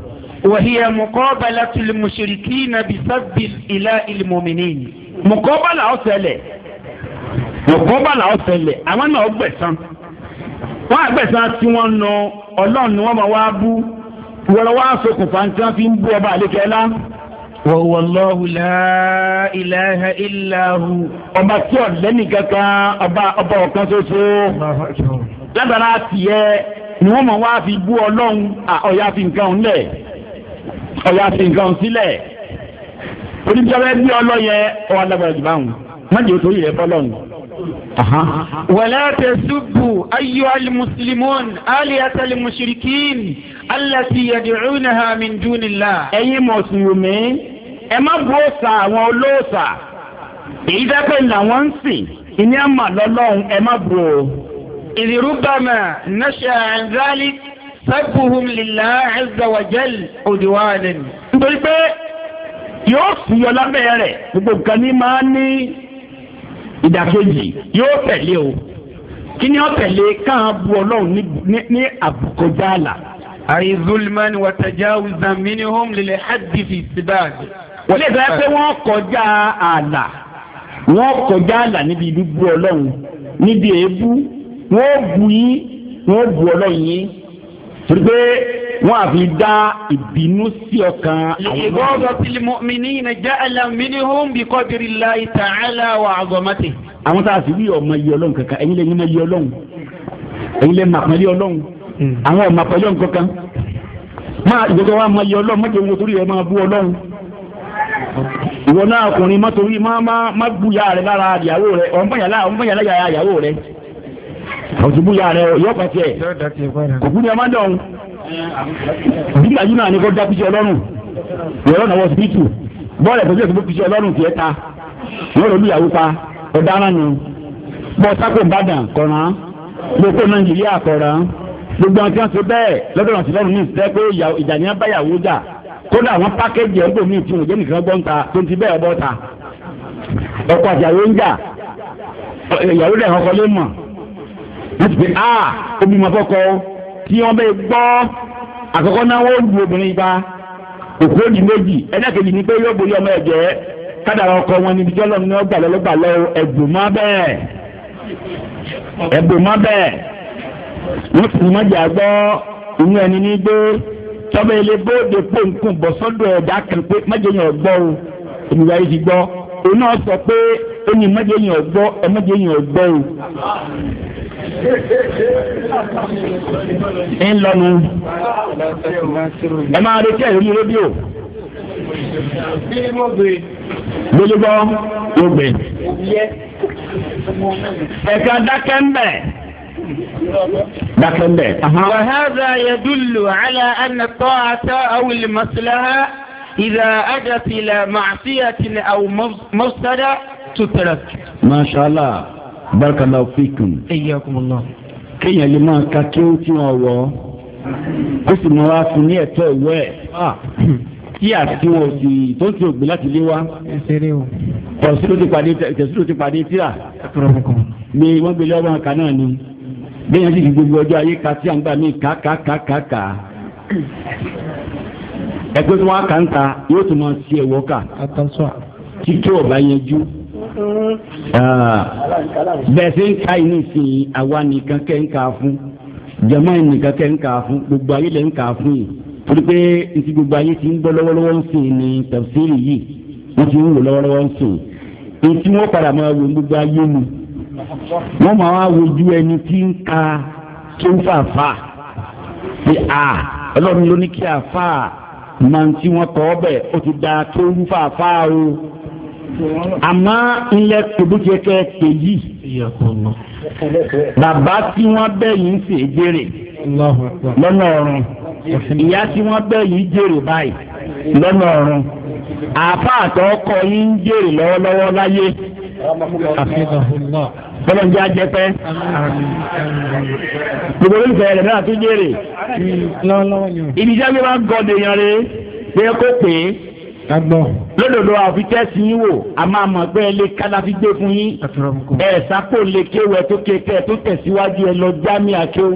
وهي مقابلة المشركين بسب الإله المؤمنين مقابلة ọ̀sẹ̀lẹ̀ مقابلة ọ̀sẹ̀lẹ̀ àwọn náà gbẹ̀san wọ́n àgbẹ̀san tí wọ́n nà ọlọ́run ni wọ́n máa wá bú wọ́n wá ṣokùnfà tí wọ́n fi ń bú ọba àlekẹ́lá wọ̀wọ̀ lọ́hùn láìláha ìlàhù. ọba tí ọ̀lẹ́nì kankan ọba ọba ọ̀kan ṣoṣo. lágbára tiẹ̀ ni wọ́n mọ̀ wá fi bú ọlọ́run ọ̀yà fi nǹkan ọ̀hún lẹ̀ ọ̀yà fi nǹkan ọ̀hún sílẹ̀. oníjọba bí ọlọ́yẹ ọ̀wà lágbára jù báwọn wọ́n jẹ́ òtòyè ẹ̀ bọ́lọ́run. ولا تسبوا أيها المسلمون آلهة المشركين التي يدعونها من دون الله. أي مسلمين ẹ má bu òòṣà àwọn olóòṣà èyí dápẹ́ làwọn ń sìn ìní àmà lọ́lọ́run ẹ má bu o. ìdìrúbàmà nàṣà àǹdálí sábùhùn lìlá ẹ̀zẹ̀wàjẹ́l òdìwáàdìn. nítorí pé yóò fìyọ lábẹ́ rẹ̀ gbogbo nǹkan ní máa ní ìdàkejì yóò tẹ̀lé o kí ni ó tẹ̀lé káà bu ọlọ́run ní àbùkọjá àlà. àìzulman wàtàjáwìzàn mínú hóm lílẹ̀ hàdìfì síbáàdì ilé ìtura pé wọ́n kọjá ààlà wọ́n kọjá ààlà níbi ìdúgbò ọlọ́run níbi èébú wọ́n bu yín wọ́n bu ọlọ́run yín torí pé wọ́n àfi dá ìbínú sí ọkàn àwọn ọmọ. ìbọ̀wọ̀ fílímù mi ní ìnàjà alámìnì hóun bí kọ́bìrì láì tààlà wà àgọ́mọ́tì. àwọn tá a sì wí ọmọ iye ọlọ́run kankan ẹ̀yin lè ní ma iye ọlọ́run ẹ̀yin lè mà pẹ̀lú ọlọ́run hmm. àwọn ọmọ pẹ̀lú ọ̀nkankan máa ìgbẹ́jọ́ wa ma iye ọlọ́run mọ̀jẹ̀ wo torí ẹ̀ máa bú ọlọ́run ìwọ náà ọkùnrin má torí má má má búyà rẹ lára ìyàwó rẹ ọ̀n bọ̀yà lára ọ̀n bọ̀yà lára ìyàwó rẹ ọ̀tún búyà rẹ yọ pàtì ẹ̀ kò kú ni ọmọ dọ̀hún bíkàjú náà ni kò dá píṣẹ́ ọlọ́run ìwọ̀rọ̀ náà wọ síbítù bọ́ọ̀lù ẹ̀fọ́ bíi ẹ̀fọ́ píṣẹ́ ọlọ́run tiẹ̀ ta wọ́n lọ lùyàwó pa ọ̀daràn ni bọ́ọ̀ sákò ìbàdàn kọ̀ràn gbogbo nàìjíríà kọ̀ràn gbogbo àwọn tí wọ́n ti bẹ́ẹ̀ lọ́dọ̀ kódà àwọn pákéjì ẹ̀ ń bò mí tí wọn jẹ́ nìkan gbọ́n ta tó ti bẹ́ẹ̀ bọ́ ta ọkọ̀ àjàwé ń jà ìyàwó rẹ̀ ọkọ̀ ló mọ̀ wọ́n ti pè á omi mọ̀ fọ́kọ tí wọ́n bẹ gbọ́ àkọ́kọ́ náà wọ́n lu obìnrin ba òkú òdì méjì ẹlẹ́kejì ni pé yóò borí ọmọ ẹ̀jẹ̀ kádàrà ọkọ wọn níbi jọ́lọ́ ní ọgbà lọ́lọ́gbà lọ ẹ̀gbọ́n má bẹ́ẹ̀ ẹ̀gbọ́n má bẹ́ẹ̀ tọ́mọ ilé bóde pé nǹkan bọ̀ sọ́dọ̀ ẹ̀dá kan pé májèyàn gbọ́ o ènìyàn yìí ti gbọ́ òun náà sọ pé ó ní májèyàn gbọ́ ẹ májèyàn gbọ́ o. ẹ ń lọnu ẹ máa retí ẹ̀rí rédíò gbólógbó gbogbo ẹ̀ka dákẹ́ ń bẹ̀ dákẹ́ńbẹ̀. wàhálà yẹdùlù àlà ànàtọ́ àtọ́ àwìlì mọ̀sálàhà ìdá àdàtìlà màṣíyàtì àwọn mọ̀sádà tuntara. masha allah barakallahu fikum. eyyakumullah. kéèyàn lè máa ka kí ó ti wọn wọ ó sì máa wá fún ní ẹ̀tọ́ ìwé ẹ̀ ah. tí àti wọn sì tó ti ògbé láti lé wa. ọ̀sùn ló ti pàdé tíra ni wọ́n gbé lọ́wọ́ àká náà ni bẹ́ẹ̀ yẹn sì fi gbogbo ọjọ́ ayé ka sí àǹgbà mi kàkàkàkà ẹgbẹ́ tí wọ́n kà ń ta yóò tún máa ṣe ẹ̀wọ́ kà títí ọ̀bá yẹn jú bẹ́ẹ̀ sì ń ka ìní ìsìn àwa nìkan kẹ́ ń kà á fún jẹ̀mọ́ nìkan kẹ́ ń kà á fún gbogbo ayé lẹ́ ń kà fún yìí torí pé ntí gbogbo ayé ti ń gbọ́ lọ́wọ́lọ́wọ́ ń sìn ní tafsiri yìí wọ́n ti ń wò lọ́wọ́lọ́wọ́ ń sìn èyí tí wọ́n padà máa wò gbogbo ayé mu wọ́n máa wá wojú ẹni tí ń ka tó ń fà fà pé a ọlọ́run ló ní kí a máa ń tí wọ́n kọ́ ọbẹ̀ ó ti da tó ń fà fà o àmọ́ ilẹ̀ kòdókẹ́kẹ́ pè yìí bàbá tí wọ́n bẹ̀ yìí ń ṣe jèrè lọ́nà ọ̀run ìyá tí wọ́n bẹ̀ yìí jèrè báyìí lọ́nà ọ̀run àáfàá àtọ́ yìí ń jèrè lọ́wọ́lọ́wọ́ láyé àfihàn bọ́lá ń jẹ́ ajẹ́pẹ́. gbogbo olùfẹ́ rẹ̀ náà tún jèrè. ibi jáde máa ń gọdọ̀ èèyàn rẹ̀ pé kó àfitẹ́ sí yín wò a máa mọ̀ pé ẹ lè kálá fi gbé fún yín. ẹ̀ sápò lè kéwẹ̀ tó kékeré tó tẹ̀síwájú ẹ lọ jámíà kéwù.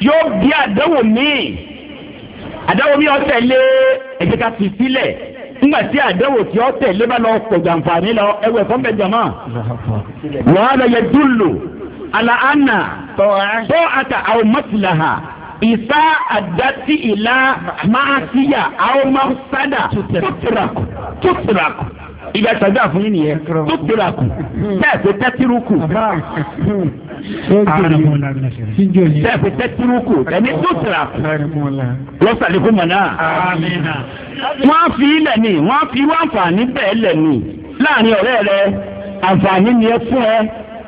yóò bí àdánwò míì àdánwò míì ó tẹ̀lé ẹ jẹ́ ká fi sílẹ̀ nígbà tí àdánwò tí ó tẹ̀lé bá lọ pọ̀ jàǹfààní lọ ẹwẹ́ fún bẹ́ẹ̀ jàmá wàhálà yẹ dúlò àlà ànà tó àtà àwọn mọ́tìláhà ìsá àdásí ìlà máa síyà àwọn máa sádà tó tẹ̀rakù tó tẹ̀rakù ìgbà ìtàgbà fún yín nìyẹn tó tóra kù bẹ́ẹ̀ pé tẹ́tírú kù bẹ́ẹ̀ pé tẹ́tírú kù ẹni tó tóra kù lọ́sàlẹ̀kùn mọ̀nà wọ́n á fi ilẹ̀ ni wọ́n á fi wọ́n àǹfààní bẹ́ẹ̀ lẹ̀ ni láàrin ọ̀rẹ́ rẹ àǹfààní ni ẹ fún ẹ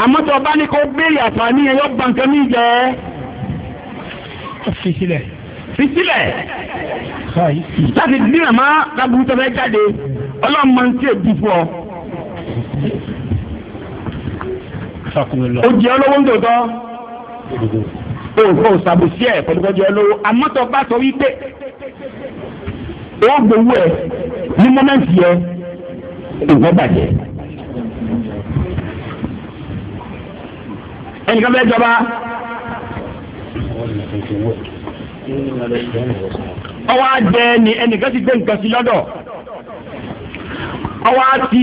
àmọ́ tó o bá ní kó béèrè àǹfààní yẹn yọ bàǹkẹ́ mi jẹ́ ẹ fisílẹ̀ láti dínà má lábúrú tó fẹ́ jáde ọlọ́run máa ń tí èdè fún ọ. o jẹ́ olówó ń dòdọ́ o kò sàbòsí ẹ̀ pẹ̀lú kọjá olówó amọ́tọ̀ bá sọ wípé o gbowó ẹ ní mọ́mẹ́ǹtì yẹ nǹkan bàjẹ́. ẹnìkan fẹ́ jọba ọwọ́ ajẹ́ ni ẹnìkan ti gbé nǹkan sí lọ́dọ̀ ọwọ́ àti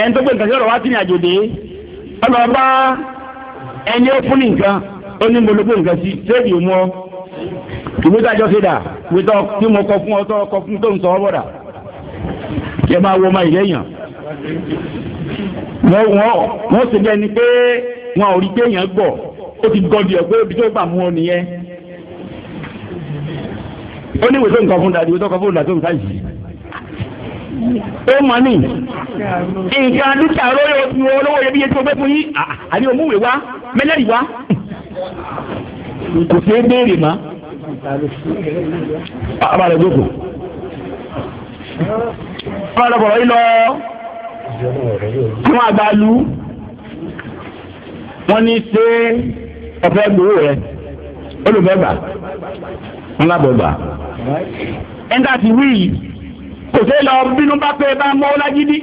ẹni tó gbé nǹkan sí lọ́dọ̀ wá sí ní àjòdè ọlọ́ba ẹni ó fún ní nǹkan ó ní mo ló gbé nǹkan sí tẹ́lẹ̀ ìmú ọ ìwé tájọ́ ṣe dà ìwé tó tí mo kọ fún ọ tó kọ fún tó ń sọ ọ bọ̀dà kí ẹ máa wọ ọmọ ìlẹ́yìn wọ́n wọ́n ṣe bí ẹni pé wọn ò rí pé èèyàn gbọ́ ó ti gọ́ di ẹ̀ pé tó gbà mú ọ nìyẹn ó ní ìwé tó ń kọ fún dàdí ìwé tó kọ fún dàdí tó ń ká yìí ó mọ̀ ní nǹkan dúkìá olówó olówó yẹbi yẹn tí mo fẹ́ fún yín àní òmùwé wa mẹ́lẹ́rì wa kò sí béèrè mọ́ abalẹ̀ gbogbo abalẹ̀ bọ̀rọ̀ yìí lọ kí wọ́n àgbà lu wọ́n ní ṣé ọ̀fẹ́ gbowó rẹ̀ olùfẹ́ gbà ńlá bọ̀gbà. ẹ̀ńtà ti wí yìí kò sí lọ bínú bá pé bá mọ́ lágídí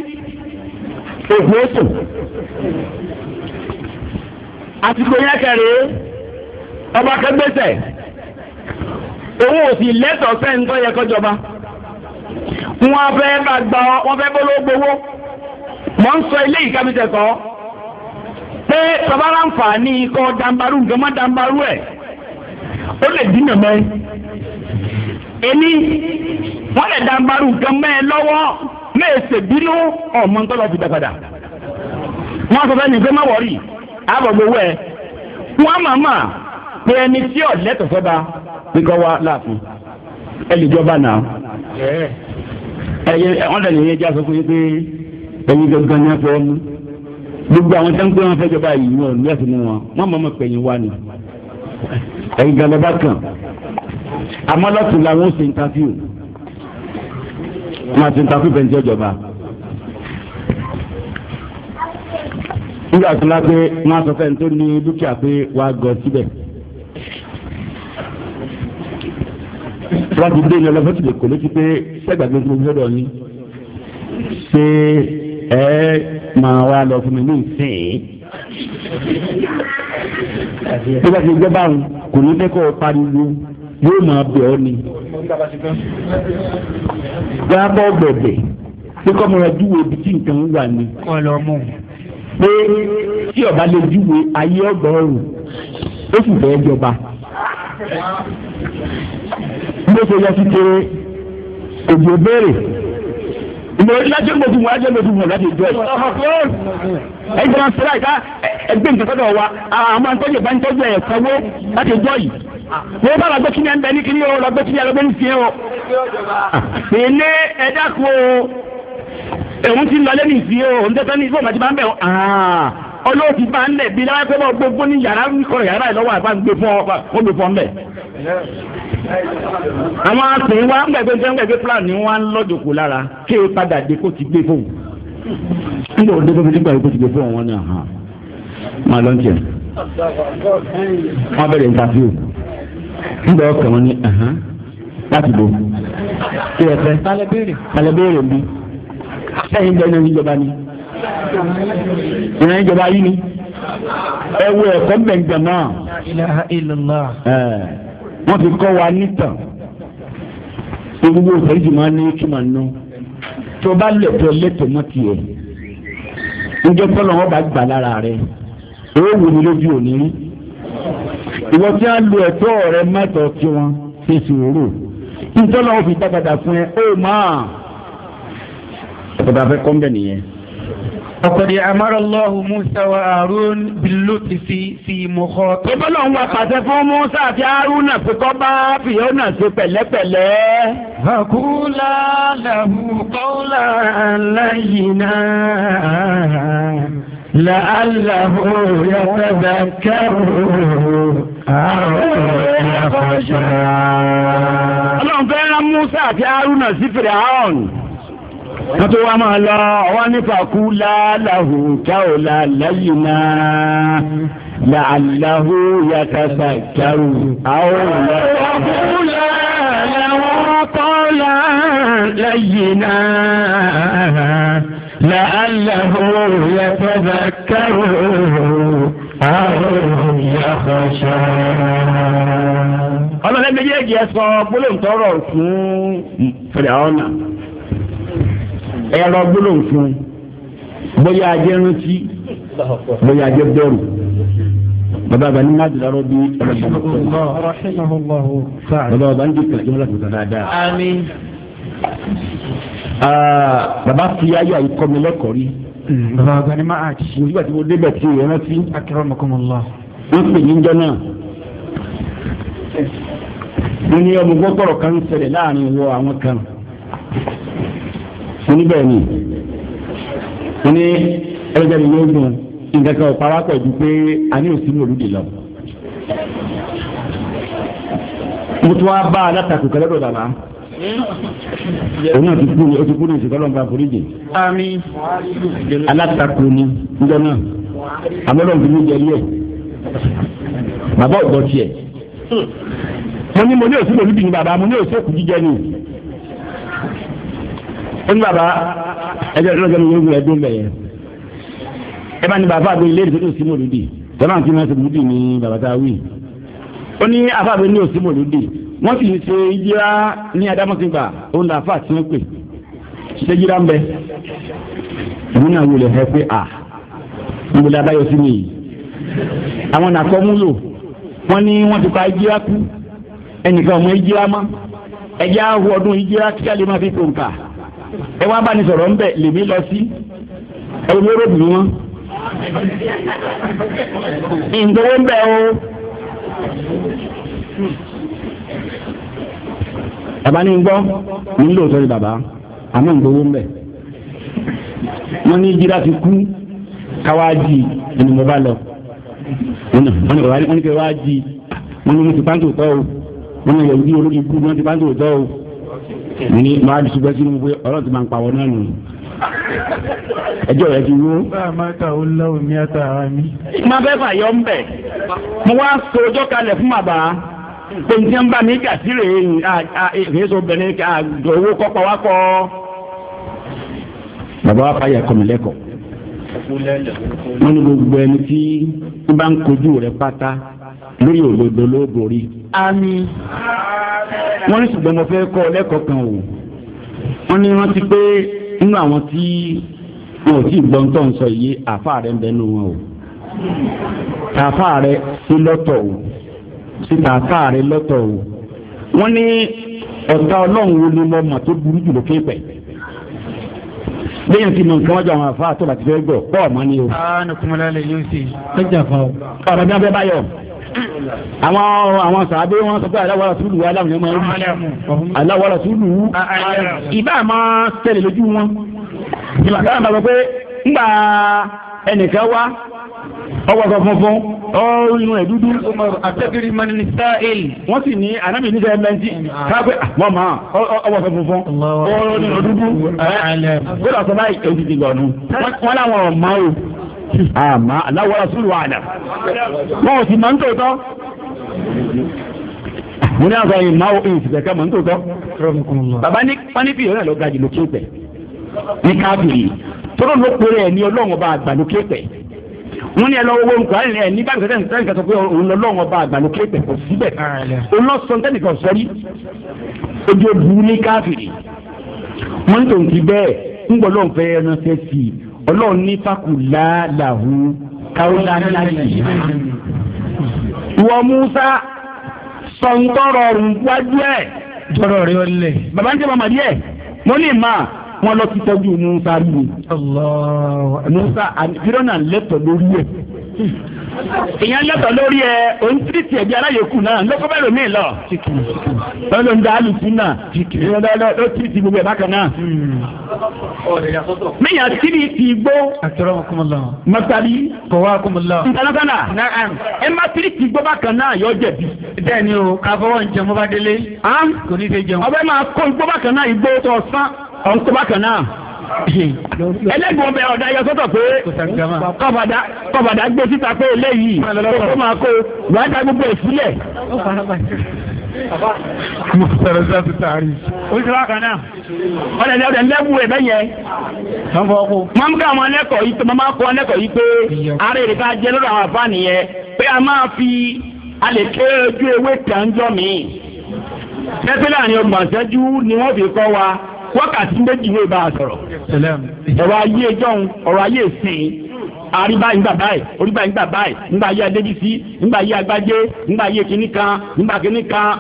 òkú oṣù. àsìkò yẹn kẹrì ọba kẹgbẹ́sẹ̀ owó òsì lẹ́tọ̀ọ́ sẹ́ńtọ́ yẹ kọjọba wọ́n fẹ́ bá gbà ọ́ wọ́n fẹ́ bọ́lọ́ gbowó mọ̀ ń sọ ilé ìkábíyèsẹ̀ kọ́ pé bàbá ní ikọ̀ dàǹbarú nǹkan má dàǹbarú ẹ̀ ó lè dín nàmẹ́ èmi wọ́n lè dàgbàrú nǹkan mẹ́ ẹ lọ́wọ́ mẹ́ẹ̀ ṣèbínú ọmọ nǹkan lọ́ọ́ fi dà padà wọ́n sọ fẹ́ ní pé má wọ̀rí àbọ̀gbowó ẹ̀ wọ́n màmá pé ẹni tí ò lẹ́tọ̀ọ́ sọ́ba gbígbọ́ wa láàfin ẹ lè jọba náà ẹyẹ wọn lẹnu yẹn já sọ fún yín pé ẹyin gangan ni wọn fẹ́ mú gbogbo àwọn tẹ́ńpé wọn fẹ́ jọba yìí wọn lẹ́sìn wọn wọn mọ̀ mọ̀ pé wá ni ẹyin gan lọ́ba kàn àmọ́ lọ́tún làwọn ó ṣe interview máa ṣe interview bẹ́ẹ̀ ní ìjọba. nígbà tó la pé máa sọ fẹ́ni tó ní dúkìá pé wàá gọ síbẹ̀. wọ́n ti dé ní ọlọ́fẹ́ tìlẹ̀ kò létí pé sẹ́gbàgbé tí mo gbọ́dọ̀ ní ṣé ẹ máa wá lọ fún mi ní ìsìn nígbà tí ìjọba kò ní fẹ́ kọ́ ọ pariwo yóò máa bẹ̀ ọ́ ni. Gbàgbọ́ gbẹ̀gbẹ̀ pé kọ́ mọ́ra júwe ibi tí nǹkan wà ni. Kọ́ lọ mú. Pé tí ọba lè júwe ayé ọgbọ́rùn ó sì fẹ́ jọba. Mo ṣe yọ sí kéré, òjò béèrè ìmọ̀ràn lájọ́ ń gbòdùn wọn lájọ́ ń gbòdùn wọn láti ìjọ yìí. ẹ̀yin tó máa ń sẹ́ra ìka ẹgbẹ́ nǹkan tọ́jọ́ wa àwọn máa ń tọ́jú ìbá ń tọ́jú ẹ̀ sanwó láti ìjọ yìí mo bá lọ gbé kíni ẹ̀ ń bẹ ní kíni o lọ gbé kíni ẹ̀ lọ gbé ní tiẹ̀ o. ilé ẹ̀dá kò òun ti lọ lẹ́nu ìsìn o òun tẹ́tẹ́ ní ìfowópamọ́ ti bá ń bẹ̀ o olóòtú bá ń lẹ̀ bí láwọn ẹgbẹ́ bá gbogbo ní yàrá kọ̀rọ̀ yàrá ìlọ́wọ́ àbá ń gbé fún ọ ó gbé fún ọ mbẹ́. àwọn akùnrin wa ń gbẹ̀gbẹ́ ń gbẹ̀gbẹ́ plan ni wọ́n á lọ́jọ̀kọ̀ lára kí e padà dé kó ti gbé fóun. nígbà wo dégbò nígbà wo ti gbé fóun wọn ni ń bẹ̀rẹ̀ interview nígbà ọkàn wọn ni láti bò kí ẹ fẹ́ alẹ́ béèrè bí sẹ́yìn bẹ́ẹ̀ ní ìjọba ni ìrìn ìjọba yìí ni ẹ wo ẹ̀kọ́ gbẹ̀ngàn náà wọ́n fi kọ́ wa nítàn gbogbo òfòlùjì máa ní kí màá nù tó bá lẹ̀tọ̀ lẹ́tọ̀ mọ́ tiẹ̀ ǹjẹ́ pọ́lọ́ wọn bá gbà lára rẹ̀ ó wù mí lójú òní rí ìwọ tí a lo ẹ̀tọ́ rẹ mẹ́tọ̀ tí wọ́n ṣe sùúrù nítorí wọn fi dábàdà fún ẹ ó máa. ọ̀dà fẹ́ kọ́ńbẹ̀ nìyẹn. وقد أمر الله موسى وهارون باللطف في في مخاطب. Ìbọn lòun wá pàṣẹ fún Musa àti Haruna pé kó bá Fìyọ́nà ṣe pẹ̀lẹ́pẹ̀lẹ́. Faqula lahu qawlan layyina la'allahu yatadhakkaru. ọlọ́run fẹ́ rán Musa àti Haruna sí Firaun wọ́n tó wá máa lọ wọ́n nípa kú láàláhù káòlà lẹ́yìn náà làálàhù yàtàtà kẹrù àwọn ọ̀rẹ́. قولا لينا لعله يتذكر ọlọ́lẹ́ méjèèjì ẹ sọ gbólóhùn tọrọ fún fìràọ́nà ẹ̀rọ gbólóhùn fún bóyá ajé rántí bóyá ajé bàbá ní bí bàbá di dáadáa. Ah, bàbá fi bàbá àgbà ni máa àti. nígbà tí mo débẹ̀ tí ìyẹn rántí. akramakumullah. wọ́n pè ní njọ́ náà. mo ní ọmọ gbọ́kọ̀rọ̀ kan ń ṣẹlẹ̀ láàrin wọ àwọn kan. mo ní bẹ́ẹ̀ ni. mo ní ẹgbẹ́ mi ló dùn nǹkan tún wá bá alátakò kẹlẹ́dọ̀ bàbá òun náà ti kú o ti kú náà ìṣèkọ́lọ́ nǹkan àforíjì. àmín. alátakò ni níjọ náà àmọ́lọ́ nǹkan ní jẹ yẹ bàbá ọ̀gbọ́n tiẹ̀. mo ní mo ní òsínlẹ̀ olúbi ni bàbá mo ní òsínlẹ̀ òkú jíjẹ ni. ó ní bàbá ẹjọ́ ìrọ́jọ́ mi yóò gbé ẹdún bẹ̀yẹ. ẹ bá ní bàbá àgbẹ̀ ilé ìdíjọ́ òsínlẹ̀ olúbi tọ́lá àti mẹ́sàn-án olúbi ni bàbá tá a wí. ó ní afáàbẹ̀ ní òsínlẹ̀ olúbi wọ́n sì ń ṣe yíra ní adámọ́sìngbà òun làáfà tí wọ́n pè ṣe yíra ń bẹ òun náà wò lè fẹ́ pé à níbo la báyọ̀ sí nìyí àwọn nàkọ́ múlò wọ́n ní wọ́n ti pa yíra kú ẹnìkan ọmọ yíra mọ́ ẹjẹ́ àwọ̀ ọdún yíra kí alẹ́ máa fi tó nǹka ẹ wá bá ní sọ̀rọ̀ ńbẹ lèmi lọ sí ẹ wọ́n lóró bìí wọn. ìdòwò ńbẹ o bàbá ní gbọ́ ní lóòótọ́ ni bàbá àmọ́ ń gbowó ń bẹ̀ wọ́n ní jíra ti kú káwájì ẹni mo bá lọ wọ́n ní bàbá ní kí wọ́n á jí wọ́n ní mo ti pàǹtò tọ́ o wọ́n ní ìyẹ̀wò ní olórí ikú wọ́n ti pàǹtò tọ́ o ní máa dùn ṣùgbọ́n sínú pé ọlọ́run ti máa ń pawọ́ náà nù ẹjọ́ rẹ ti wú. báàmáta ó lọ́wọ́ mi àtàrà mi. máa fẹ́ fàyọ́ ń bẹ̀ mo wá so kalẹ̀ fún bàbá pé ní ń bá mi gà sí rèé e, ìfẹsọ obìnrin kí àjọ owó kọ́pọ̀ wá kọ́. bàbá wa fàyà kọ́ mi lẹ́kọ̀ọ́ wọ́n ní gbogbo ẹni tí wọ́n bá ń kojú rẹ̀ pátá lórí òdodo ló borí. àmín. wọ́n ní ṣùgbọ́n mo fẹ́ kọ́ lẹ́kọ̀ọ́ kan o wọ́n ní rántí pé nínú àwọn tí wọn ò tí ì gbọ́n tó ń sọ yìí àfa rẹ̀ ń bẹ́nu wọn o àfa rẹ̀ sí lọ́tọ̀ o ṣe tààtà rẹ lọ́tọ̀ o wọ́n ní ọ̀tá ọlọ́run wo ni mo mà tó burú jùlọ fún ìpẹ́ lẹ́yìn tí mo nǹkan wájú àwọn àfa àtọ́lá ti fẹ́ gbọ́ bọ́ ọ̀ mọ́ ni o. àánú kúmọ̀lá lè yóò ṣe é jà fún ọ. ọ̀rọ̀ bí wọ́n fẹ́ báyọ̀ àwọn àwọn sàábé wọn sọ pé aláwọ̀ rasúlù aláwọ̀ ni wọ́n máa ń rí aláwọ̀ rasúlù ìbá máa tẹ̀lé lójú wọn. ìbá ọwọ́sọ funfun ọ̀rọ̀ inú ẹ̀ dúdú. àtẹ́kiri mani ní sáìl. wọ́n sì ní anami níjà ẹ̀mẹ́ntì káfẹ́ ah, wọ́n mọ̀ ọwọ́sọ funfun ọ̀rọ̀ inú dúdú. gbọ́dọ̀ sọ báyìí èyí ti gbọ̀nù. wọ́n láwọn ọ̀ máa o. àmà aláwọ̀ rasúlù àdà. wọ́n ò sì máa ń tòótọ́. mo ní àgbà yìí máa ń ìfìfẹ́ ká máa ń tòótọ́. bàbá ní pánípì yóò rẹ̀ lọ ga jù lókè pẹ̀ ní káfíìrì tó ló ló pèrè ẹ̀ ní ọlọ́run ọba àgbà lókè pẹ̀ wọ́n ní ẹ lọ́wọ́ wọ́n kọ́ ẹ̀ ní báyìí sẹ́ni sẹ́ni kan sọ pé òun lọ lọ́wọ́ ọba àgbà lókè pẹ̀ kò síbẹ̀ òun lọ sọ sẹ́ni kan sọ rí ojú bu ní káfìrí wọ́n tó ti bẹ́ẹ̀ ńgbọ́ lọ́n fẹ́ ránṣẹ́ sí i ọlọ́run ní fàkùlà làwù káwọ́lá láyé wọ́n Musa sọ̀ńtọ́rọ̀ ọ̀rùn wájú ẹ̀. tọrọ rẹ ọlẹ. bàbá ń tẹ́ màmá díẹ̀ mo ní ìmáa wọ́n lọ ti tọ́jú musa rí mi. musa fírọ́nà lẹ́tọ̀ lórí ẹ̀. ìyẹn lẹ́tọ̀ lórí ẹ̀ òun tí tiẹ̀ bí aláyẹ̀kù náà lọ́kọ́ bẹ́ẹ̀ lómi lọ. lọ́dọ̀ ń da alùpùpù náà ló tí ti gbogbo ẹ̀ bákan náà. míyàn tí ti gbó. mọ́tàlí. ìtàlọ́sánà ẹ má tí ti gbó bákan náà yọ jẹ̀bi. bẹ́ẹ̀ ni o k'a fọwọ́ ń jẹun bá délé. kò ní í ṣe jẹun. ọbẹ̀ ọ̀n tó bákan náà ẹlẹ́gbọ̀n bẹ ọ̀dà yọ sọ́tọ̀ pé kọ̀bàdà gbé síta pé eléyìí kókó máa kó wàá da gbogbo ẹ̀ sílẹ̀. mo sọ̀rọ̀ sí àti tààrí. o ti bákan náà ọ̀dà ọ̀dà lẹ́bù ẹ̀ bẹ́ yẹn. máa ń ká àwọn ẹlẹ́kọ̀ọ́ yìí máa máa kọ́ ẹlẹ́kọ̀ọ́ yìí pé ara èrè ká jẹ́ lọ́dọ̀ àwọn àfáàní yẹn pé a máa fi alẹ́ ké ojú ewé tàn jọ mí. tẹ́tí láàrin ọgbọ̀n ni wọ́n fi kọ́ wa wákàtí méjì ló bá a sọ̀rọ̀ ọ̀rọ̀ ayé ẹjọ́un ọ̀rọ̀ ayé ìsìn àríbá ìgbà báyìí orígbà ìgbà báyìí ńgbà ayé adébísí ńgbà ayé agbájé ńgbà ayé kìíní kan ńgbà kìíní kan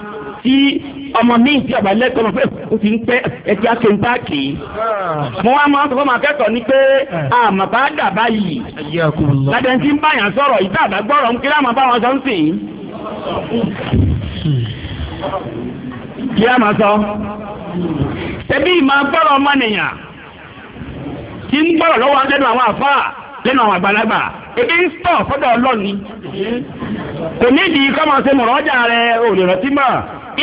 tí ọmọ míì tí ọba lẹ́kọ̀ọ́ fẹ́ o ti ń pẹ́ ẹ̀kí akéńtà kì í. mo wá máa ń sọ fún ọmọ akẹ́kọ̀ọ́ ni pé àmàbá dà báyìí. lájẹ̀ntì ń báyàn sọ̀rọ̀ ìta àdágbọ́rọ̀ ń kíláàmù báwọn sọ ń sìn. Hmm. kí á máa sọ. ẹbí máa gbọ́rọ̀ ọmọnìyàn tí ń gbọ́rọ̀ lọ́wọ́ lẹ́nu àwọn àfáà lẹ́nu àwọn àgbàlagbà ebi ń sọ̀ fọ́dọ̀ ọlọ́ni kò ní ìdí kọ́ máa ṣe mọ̀rọ̀ ọjà rẹ òrìrọ̀tí mọ̀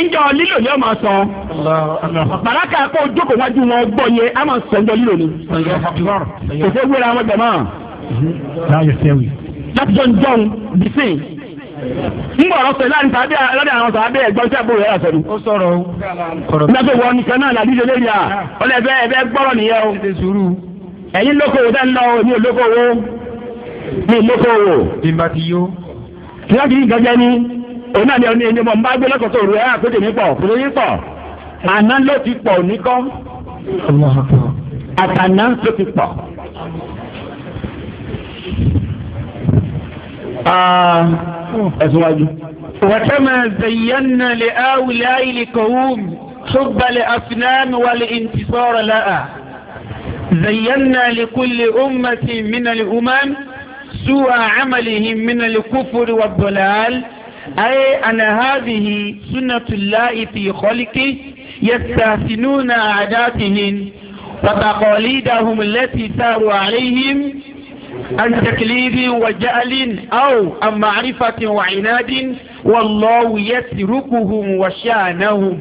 ìjọ lílò ni ó máa sọ bàlákà kó jókòó wájú wọn gbọ́ yẹ á máa sọ ìjọ lílò ni kò sí ewúrẹ́ àwọn jọ̀mọ́ láti jọ̀ ń jọ̀ ń bìsìn. ngbọ̀rọ̀ sọ láàrin sàbẹ́ lọ́dẹ àwọn sàbẹ́ ẹ̀gbọ́n tí àbúrò yẹn sọ̀rọ̀. ó sọ̀rọ̀ o. nígbàgbé wọn nìkan náà làdí ìṣẹ̀lẹ̀ yà ọlẹ́ ẹ̀fẹ́ ẹ̀fẹ́ gbọ́rọ̀ nìyẹn o. ẹ̀yin lókòwò tẹ́ ń lọ o ní olókòwò ní olókòwò. bímbá ti yó. tí wọ́n ti gẹ́gẹ́ ní òun náà ni ọ̀nà ẹni mọ̀ bá gbé آه. أزواجه وكما زينا لأولاء القوم حب لأفنان والانتصار لها زينا لكل أمة من الأمم سوء عملهم من الكفر والضلال أي أن هذه سنة الله في خلقه يستحسنون عاداتهم وتقاليدهم التي ساروا عليهم عن تكليف وجهل أو عن معرفة وعناد والله يتركهم وشانهم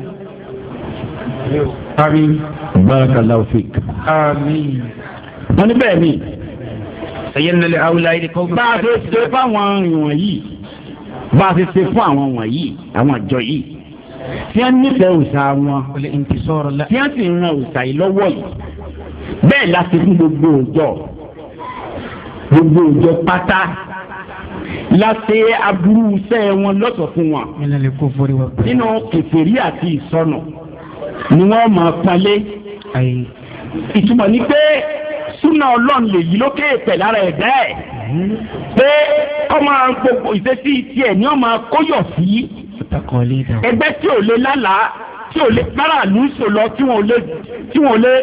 آمين بارك الله فيك آمين wọ́n ní bẹ́ẹ̀ ni. ẹ̀yẹ́ nílẹ̀ awúlá yìí kọ́. bá a ṣe ṣe fún àwọn wọ̀nyí bá a ṣe ṣe fún àwọn wọ̀nyí àwọn àjọ yìí tí wọ́n nífẹ̀ẹ́ òòṣà wọn tí wọ́n sì ń ran òòṣà yìí lọ́wọ́ yìí bẹ́ẹ̀ la ṣe fún gbogbo òòjọ́ gbogbo ìjọ pátá láti aburú iṣẹ́ wọn lọ́sọ̀ fún wọn. nínú kèfèrí àti ìsọnù ni wọ́n máa palẹ̀. ìtumọ̀ ni pé súnà ọlọ́run lè yí lókè pẹ̀ lára ẹ̀dá ẹ̀ pé ọmọ gbogbo ìṣesí tiẹ̀ ni ọmọ kóyọ̀ sí ẹgbẹ́ tí ò lè lálàá tí ò lè máràlú sò lọ tí wọn ò lè tí wọn ò lè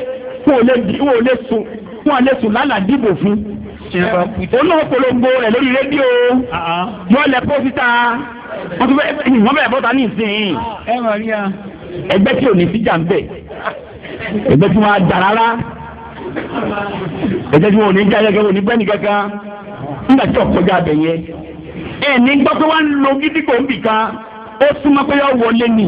wọn ò lè sùn lálàá dìbò fún. ó náà polongo rẹ̀ lórí rédíò ah, ah. yóò lẹ pósítà wọ́n bẹ̀rẹ̀ bọ́ta ní ìsìn ẹgbẹ́ tí ò ní síjà ń bẹ̀ tí wọ́n á dà rárá tí wọ́n ò ní já gẹ́gẹ́ wọ́n ò ní bẹ́ẹ̀ ní nígbà tí ọ̀kọ́jà bẹ̀ yẹn ní lo kan ó pé yọ wọlé ni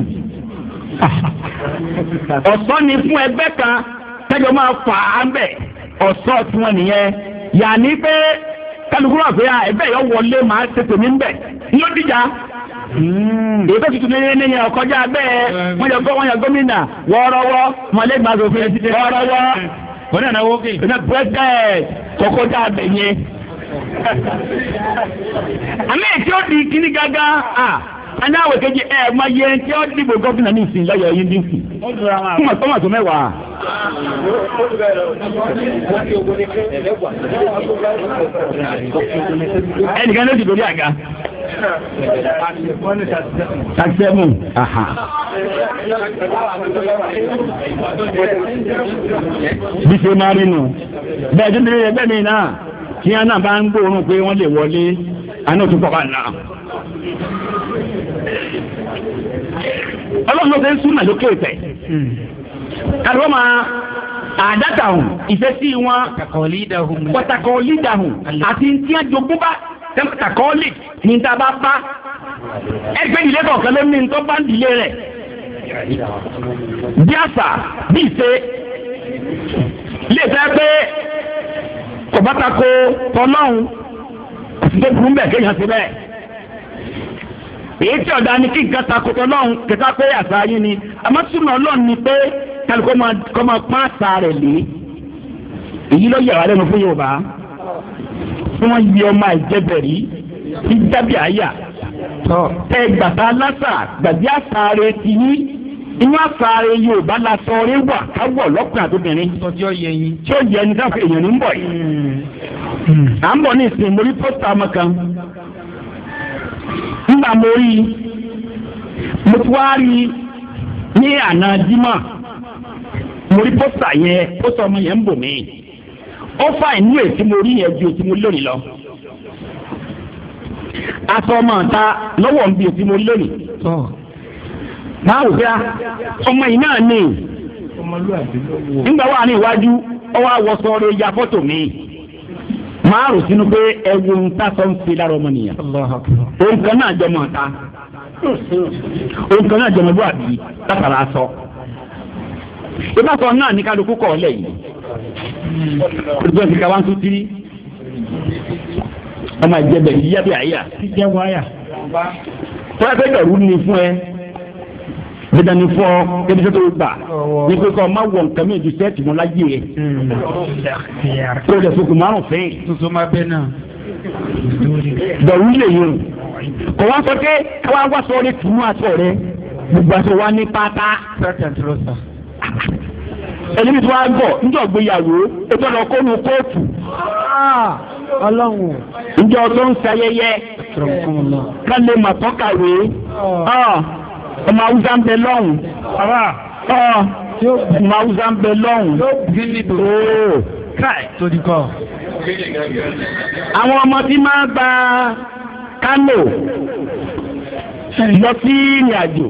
ni fún kan máa fà á tí nìyẹn. yàní pé kálukú wà pé ẹbẹ yọ wọlé màá tètè mí bẹ yóò dìjà hmm. èyí tó tuntun ní ní yẹn ọkọjá bẹ́ẹ̀ wọ́n yọ gbọ́ wọ́n yọ gómìnà wọ́ọ́rọ́wọ́ mọ̀lẹ́gbà sòfin wọ́ọ́rọ́wọ́ wọ́n kí. pírẹ́sìdẹ̀t aláwọ̀ kejì ẹ̀ mọ iye tí ọ dìbò gómìnà ní ìsìn lọ́yọ̀ yín dínkù fún ọ̀tọ́ mọ̀tọ́ mẹ́wàá. ẹnìkan ló ní àga. Takisẹ́mù. Bí máa rí nù. Bẹ́ẹ̀ ọlọ́run ló fẹ́ súnà lókè ìfẹ́ kàdúrà máa àdátàhùn ìfẹ́sí wọn pọ̀tàkọ̀ọ́lídàhùn àti tí a jogún bá pọ̀tàkọ̀ọ́lì ní ta bá bá ẹgbẹ́ ìdílé kọ̀ọ̀kan ló ní ní tó bá ń dilé rẹ̀ bí àṣà bí ìṣe lè fẹ́ pé kọ̀bátako tọ́lọ́hún kò sí tó burú bẹ́ẹ̀ kéèyàn ti bẹ́ẹ̀. èyí tí ọ̀dà ni kí nǹkan takòtò lọ́hùn kẹta pé àṣà yín ni àmọ́ ọlọ́run ni pé kálukọ́ máa pọ́n àṣà rẹ̀ lé èyí ló yà lẹ́nu fún Yorùbá tí wọ́n yí ọmọ àìjẹbẹ̀rí tí àyà tẹ gbàtà lásà gbàdí àṣà rẹ̀ ti yí inú yorùbá la sọ wà àtòbìnrin tí ó yẹ ẹni èèyàn ní yìí hmm. à ń ní nígbà mo rí i mo ti wá rí i ní àná dímọ̀ mo rí pósítà yẹn pósítà ọmọ yẹn ń bò mí ó fà inú mo rí yẹn ju mo lónìí lọ aṣọ ọmọ ta lọ́wọ́ ń bi ètí mo lónìí ọmọ yìí náà ní nígbà wà ní iwájú ọwọ́ ya fọ́tò mi. máa rò sínú ewu ẹwu ń ta sọ ń fi lára ọmọnìyàn òun kan ta òun kan náà jọmọ bó a látara sọ ìbáṣọ náà ní kálukú kọ̀ ọ́ ka olùdó ti ka ọ ń tún tiri ọmọ ìjẹbẹ yíyá bí àyà. ìjẹbù àyà. wọ́n ni fún dandan ni fọ ebi tó tó gbà ní pé kọ́ ma wọ̀ nǹkan mi ju sẹ́ẹ̀tì mọ́ láyé yẹ. kó o lè fokùn márùn fẹ́. tuntun ma bẹ náà. dọ̀wí lè yẹ o. kò wá sọ pé káwá wá sọ ọ́ tùmú aṣọ rẹ gbogbo aṣọ wa ní pátá. ẹni mi tó wá gbọ́ njọ́ gbéyàwó ètò ọ̀nà kónú kóòtù. Ah, ọlọ́run. tó ń sayẹyẹ. kálẹ̀ màtọ́kàwé ọmọ awúsá ń bẹ lọ́hùn. ọ ọmọ awúsá ń bẹ lọ́hùn. ooo káì tó di kọ. àwọn ọmọ tí máa gba Kánò lọ sí ìrìn àjò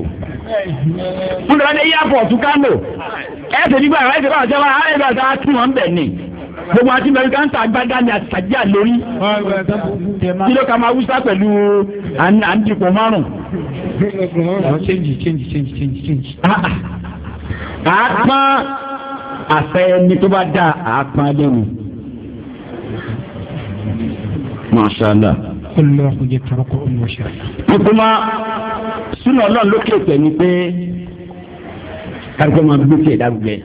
wọ́n lọ́wọ́ ní airport Kánò ẹ̀ ṣe nígbà ẹ̀ ṣe bá wọn ẹ̀ ṣe bá wọn tún wọn bẹ̀ ni gbogbo àti mẹ́ríkà ń ta agbádá ni àtàjà lórí kí ló ka máa wúsá pẹ̀lú àǹdìpọ̀ márùn. change change change change change. Ah, ah. àápọn àfẹ ẹni tó bá dá àápọn lẹ́nu. mashallah. olùlọ́kùn jẹ́ tọrọkọ olùwọ́sẹ̀. ìkùmọ̀ súnà ọlọ́run lókè pẹ̀ ni pé kárìkọ́ máa gbé tiẹ̀ dárúgbẹ́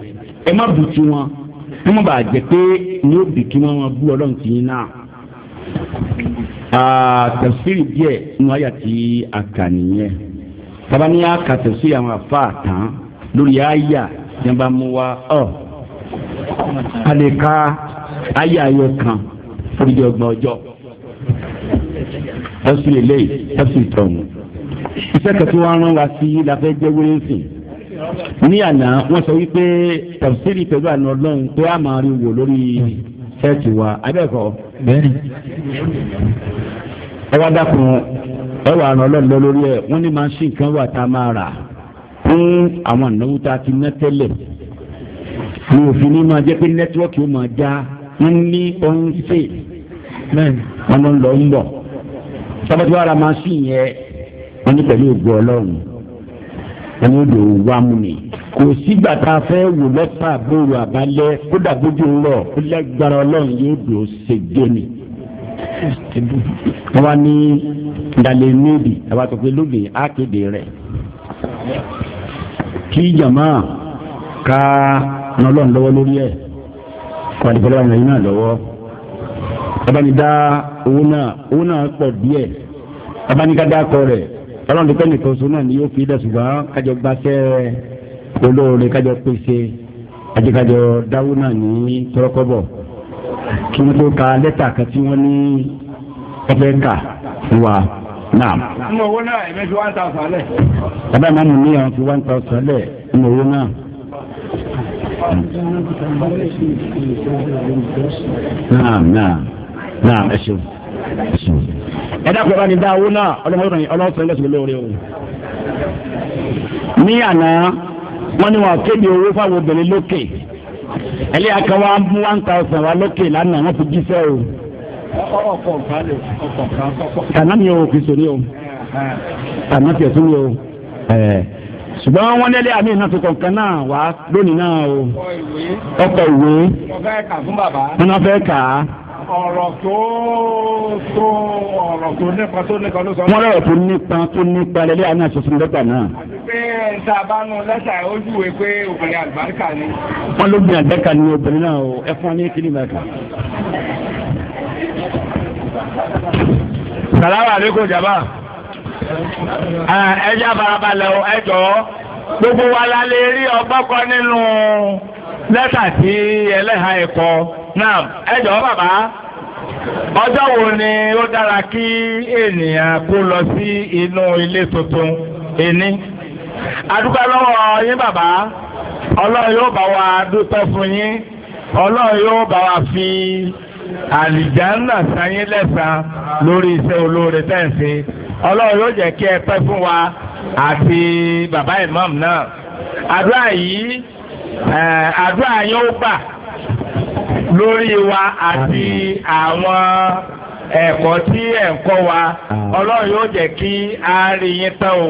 ẹ má bù tí wọn kí wọ́n bàa jẹ́ pé ní òbí kí wọ́n máa bú ọlọ́run tì í náà. tẹ̀síìrì díẹ̀ nínú àyà tí a kà nìyẹn bàbá ní àkà tẹ̀síìrì àwọn àfa àtàn lórí àyà tí wọ́n bá mú wa ọ̀ a lè ka àyà ayọ̀ fún ìdí ọgbọ̀n ọjọ́ tẹ̀síìrì lẹ́yìn tẹ̀síìrì tọ̀hún iṣẹ́ kẹtù wa rán wa sí lafẹ́ jẹ́ wẹ́rẹ́sìn ní àná wọ́n sọ wípé tafsiri pẹ̀lú àná ọlọ́run tó a máa rí wò lórí ṣẹ́ẹ̀tì wa abẹ́ẹ̀kọ́. ẹ wá dákun ẹ wà àná ọlọ́run lọ lórí ẹ wọ́n ní máa ń ṣe nǹkan wà tá a máa rà fún àwọn ìnáwó tá a ti ná tẹ́lẹ̀ mi ò fi ní máa jẹ́ pé nẹ́tíwọ́ọ̀kì ó máa já ń ní ohun ṣe wọn lọ ń bọ̀ sábàtí wàrà máa ṣì yẹn wọn ní pẹ̀lú ògbó ọlọ́run ẹni odò wà mú ni. kò sígbà tá a fẹ́ wò lọ́pàá àbúrò àbálẹ́ kódà bójú ń rọ̀ ó lágbára ọlọ́run yóò dò ṣègbè ni. wọ́n á ní ìdàlẹ́ méèdì àbátọ̀ pé lóde á kéde rẹ̀. kí jàmá ká ran ọlọ́run lọ́wọ́ lórí ẹ̀ kó àdìpẹ́lẹ́ wọn yìí náà lọ́wọ́. abáni owó náà owó náà pọ̀ díẹ̀ abáni ká rẹ̀ ọlọ́run dúpẹ́ nìkan oṣù náà ni yóò fi dẹ̀ ṣùgbọ́n kájọ gbaṣẹ́ olóore kájọ pèsè àjẹkájọ dáwó náà ní tọrọkọ́bọ̀ kí wọ́n tó ka lẹ́tà kan tí wọ́n ní ọ̀fẹ́ kà fún wa náà. nínú owó náà èmi fi one thousand lẹ̀. bàbá ìmáàmù mi àwọn fi one thousand lẹ̀ nínú owó náà. Naam naam naam ẹ ṣeun. ẹ dákun ẹ bá ní dá owó náà ọlọ́mọdé lórí o. ní àná wọn kéde owó fáwọn obìnrin lókè ẹlẹ́yà kan wá mú one thousand wá lókè lánàá fi jíṣẹ́ o. mi ò sòrí o ṣùgbọ́n àmì iná kọ̀ọ̀kan náà wá lónìí náà o ọkọ̀ ìwé ọkọ̀ ọ̀rọ̀ tó tó ọ̀rọ̀ tó nípa tó nípa ló sọ. wọ́n lọ́rọ̀ tó nípa tó nípa lẹ́lẹ́ àná àṣọṣin lẹ́tà náà. àti pé tá a bá nu lẹ́tà ojú ìwé pé obìnrin àlùbáríkà ni. wọ́n ló gbin àgbẹ̀ka ni obìnrin náà o ẹ fún wa ní kíní bàtà. sàlámà àlékún jàmbá ẹ jẹ́ àfarabalẹ̀ o ẹ jọ̀ọ́ gbogbo wa la lè rí ọgbọ́n kan nínú lẹ́tà tí ẹlẹ́hàá ẹ̀kọ́ náà ẹ jọ̀ọ́ bàbá ọjọ́ wo ni ó dára kí ènìyàn kó lọ sí inú ilé tuntun ẹni adúgbò lọ́wọ́ yín bàbá ọlọ́run yóò bá wa dúpẹ́ fún yín ọlọ́run yóò bá wa fi àlìjáńnà sáyín lẹ́sàn lórí iṣẹ́ olóore tẹ̀sí ọlọ́run yóò jẹ́ kí ẹ pẹ́ fún wa àti bàbá imam náà àdúrà yìí àdúrà yín gbà lórí wa àti àwọn ẹ̀kọ́ tí ẹ̀ ń kọ́ wa ọlọ́run yóò jẹ́ kí a rí yín tán o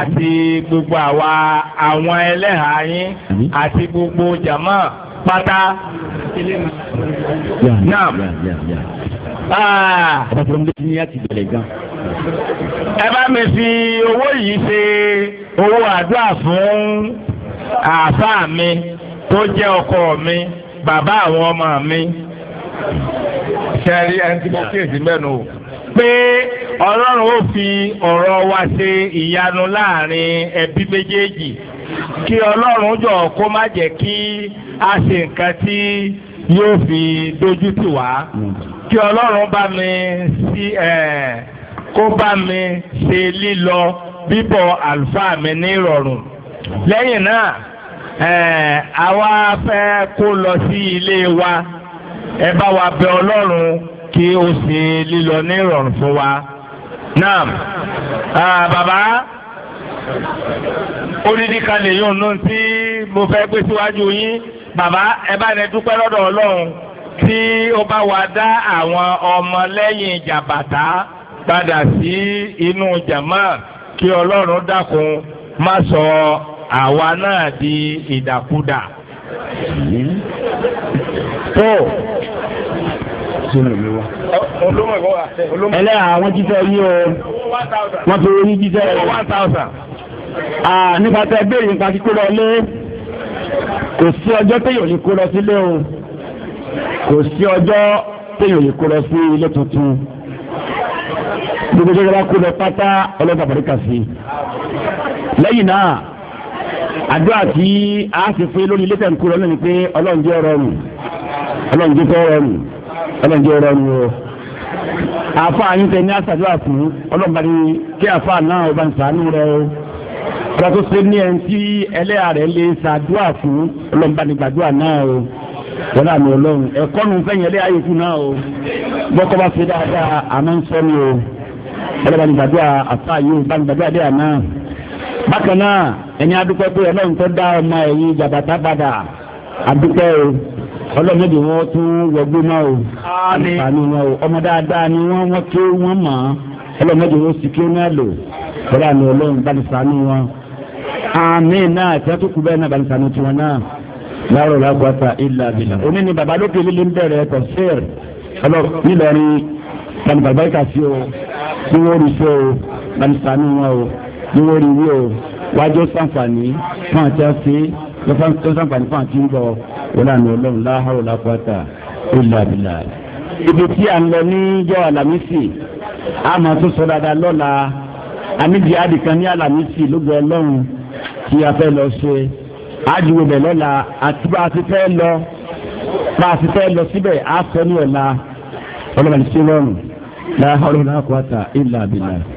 àti gbogbo àwa àwọn ẹlẹ́hàá yín àti gbogbo jàmọ́ pátá. Ah. ẹ bá mi fi owó yìí ṣe owó àdúrà fún àáfàá mi tó jẹ́ ọkọ mi bàbá àwọn ọmọ mi ṣẹ́rí ẹni tí mo kíyèsí mẹ́nu o pé ọlọ́run ó fi ọ̀rọ̀ wa ṣe ìyanu láàrin ẹbí méjèèjì kí ọlọ́run jọ kó má jẹ́ kí a ṣe nǹkan tí yóò fi dojú tì wá kí ọlọ́run bá mi sí ẹ̀ kó bá mi ṣe lílọ bíbọ̀ àlùfáà mi ní ìrọ̀rùn lẹ́yìn náà àwa fẹ́ kó lọ sí ilé wa ẹ bá wa bẹ ọlọ́run kí ó ṣe lílọ ní ìrọ̀rùn fún wa. naam bàbá odidi kan lè yóò nù tí mo fẹ́ gbé síwájú yín bàbá ẹ bá ní dúpẹ́ lọ́dọ̀ ọlọ́run tí ó bá wa dá àwọn ọmọlẹ́yìn jàbàtà padà sí inú jàmá kí ọlọ́run dákun má sọ àwa náà di ìdàkúdà. tó ẹlẹ́yà àwọn jíṣẹ́ yí o wọ́n fi orí jíṣẹ́ yìí. nípa tẹ béèrè nípa kíkó lọ lé kò sí ọjọ́ téèyàn lè kó lọ sílé o kò sí ọjọ́ téèyàn lè kó lọ sí ilé tuntun gbogbo jẹjẹrẹ kó lọ pátá ọlọ́dà bàríkà sí lẹ́yìn náà àdúrà tí a ti fi lórí ilé tẹ̀kú lọ́nà ni pé ọlọ́run jẹ́ rọrùn ọlọ́run jẹ́ rọrùn ọlọ́run jẹ́ rọrùn o. àfa àyín tẹ ní àṣàdúrà fún ọlọ́run bá ní kí àfa náà ọba nìsàánú rẹ o. ọ̀rọ̀ tó ṣe ní ẹni tí ẹlẹ́yà rẹ̀ lè ṣàdúrà fún ọlọ́run bá ní gbàdúrà náà o. wọ́n àmì ọlọ́run ẹ̀kọ́ nu fẹ́yìn ẹlẹ́yà yòókù náà o. bọ́kọ́ bá ṣe dáadáa àmọ́ ń sọ ni o. ọlọ́run bá ní gbàdúrà àfa yìí bákan náà ẹni adúpẹ́ pé ọlọ́run tó dá ọmọ ẹ̀yìn jàbàtà padà adúpẹ́ o ọlọ́run èdè wọn tún wọgbé náà o àǹfààní wọn o ọmọ dáadáa ni wọ́n wọ́n ké wọ́n mọ̀ ọlọ́run èdè wọn sì ké náà lò bọ́lá ni ọlọ́run bá ní ṣàánú wọn àmì náà tí wọ́n tún kú bẹ́ẹ̀ náà bá ní ṣàánú tiwọn náà láàrọ̀ lágbàtà ilà bìlà. òní ni bàbá lókè líle ń bẹ̀rẹ̀ tafsir nílọrin bàbá ìkàsí o tí wọ́n rí o bá ní ṣàánú wọn o ni wọ́n rí wí o wájú sàǹfààní fún àti àṣẹ tó sàǹfààní fún àti ń bọ̀ wọ́n lànà ọlọ́run láhàrò lápáta ó làbìlà. ibi tí a ń lọ níjọ́ àlàmísì a máa tún sọ dáadáa lọ́la àmìjì àdìkan ní àlàmísì lógo ọlọ́run tí a fẹ́ lọ ṣe àjùwò bẹ̀ lọ́la àti bá a ti fẹ́ lọ bá a ti fẹ́ lọ síbẹ̀ á sọ ní ọ̀la ọlọ́run ti ṣe lọ́rùn láhàrò lápáta ó làbìlà.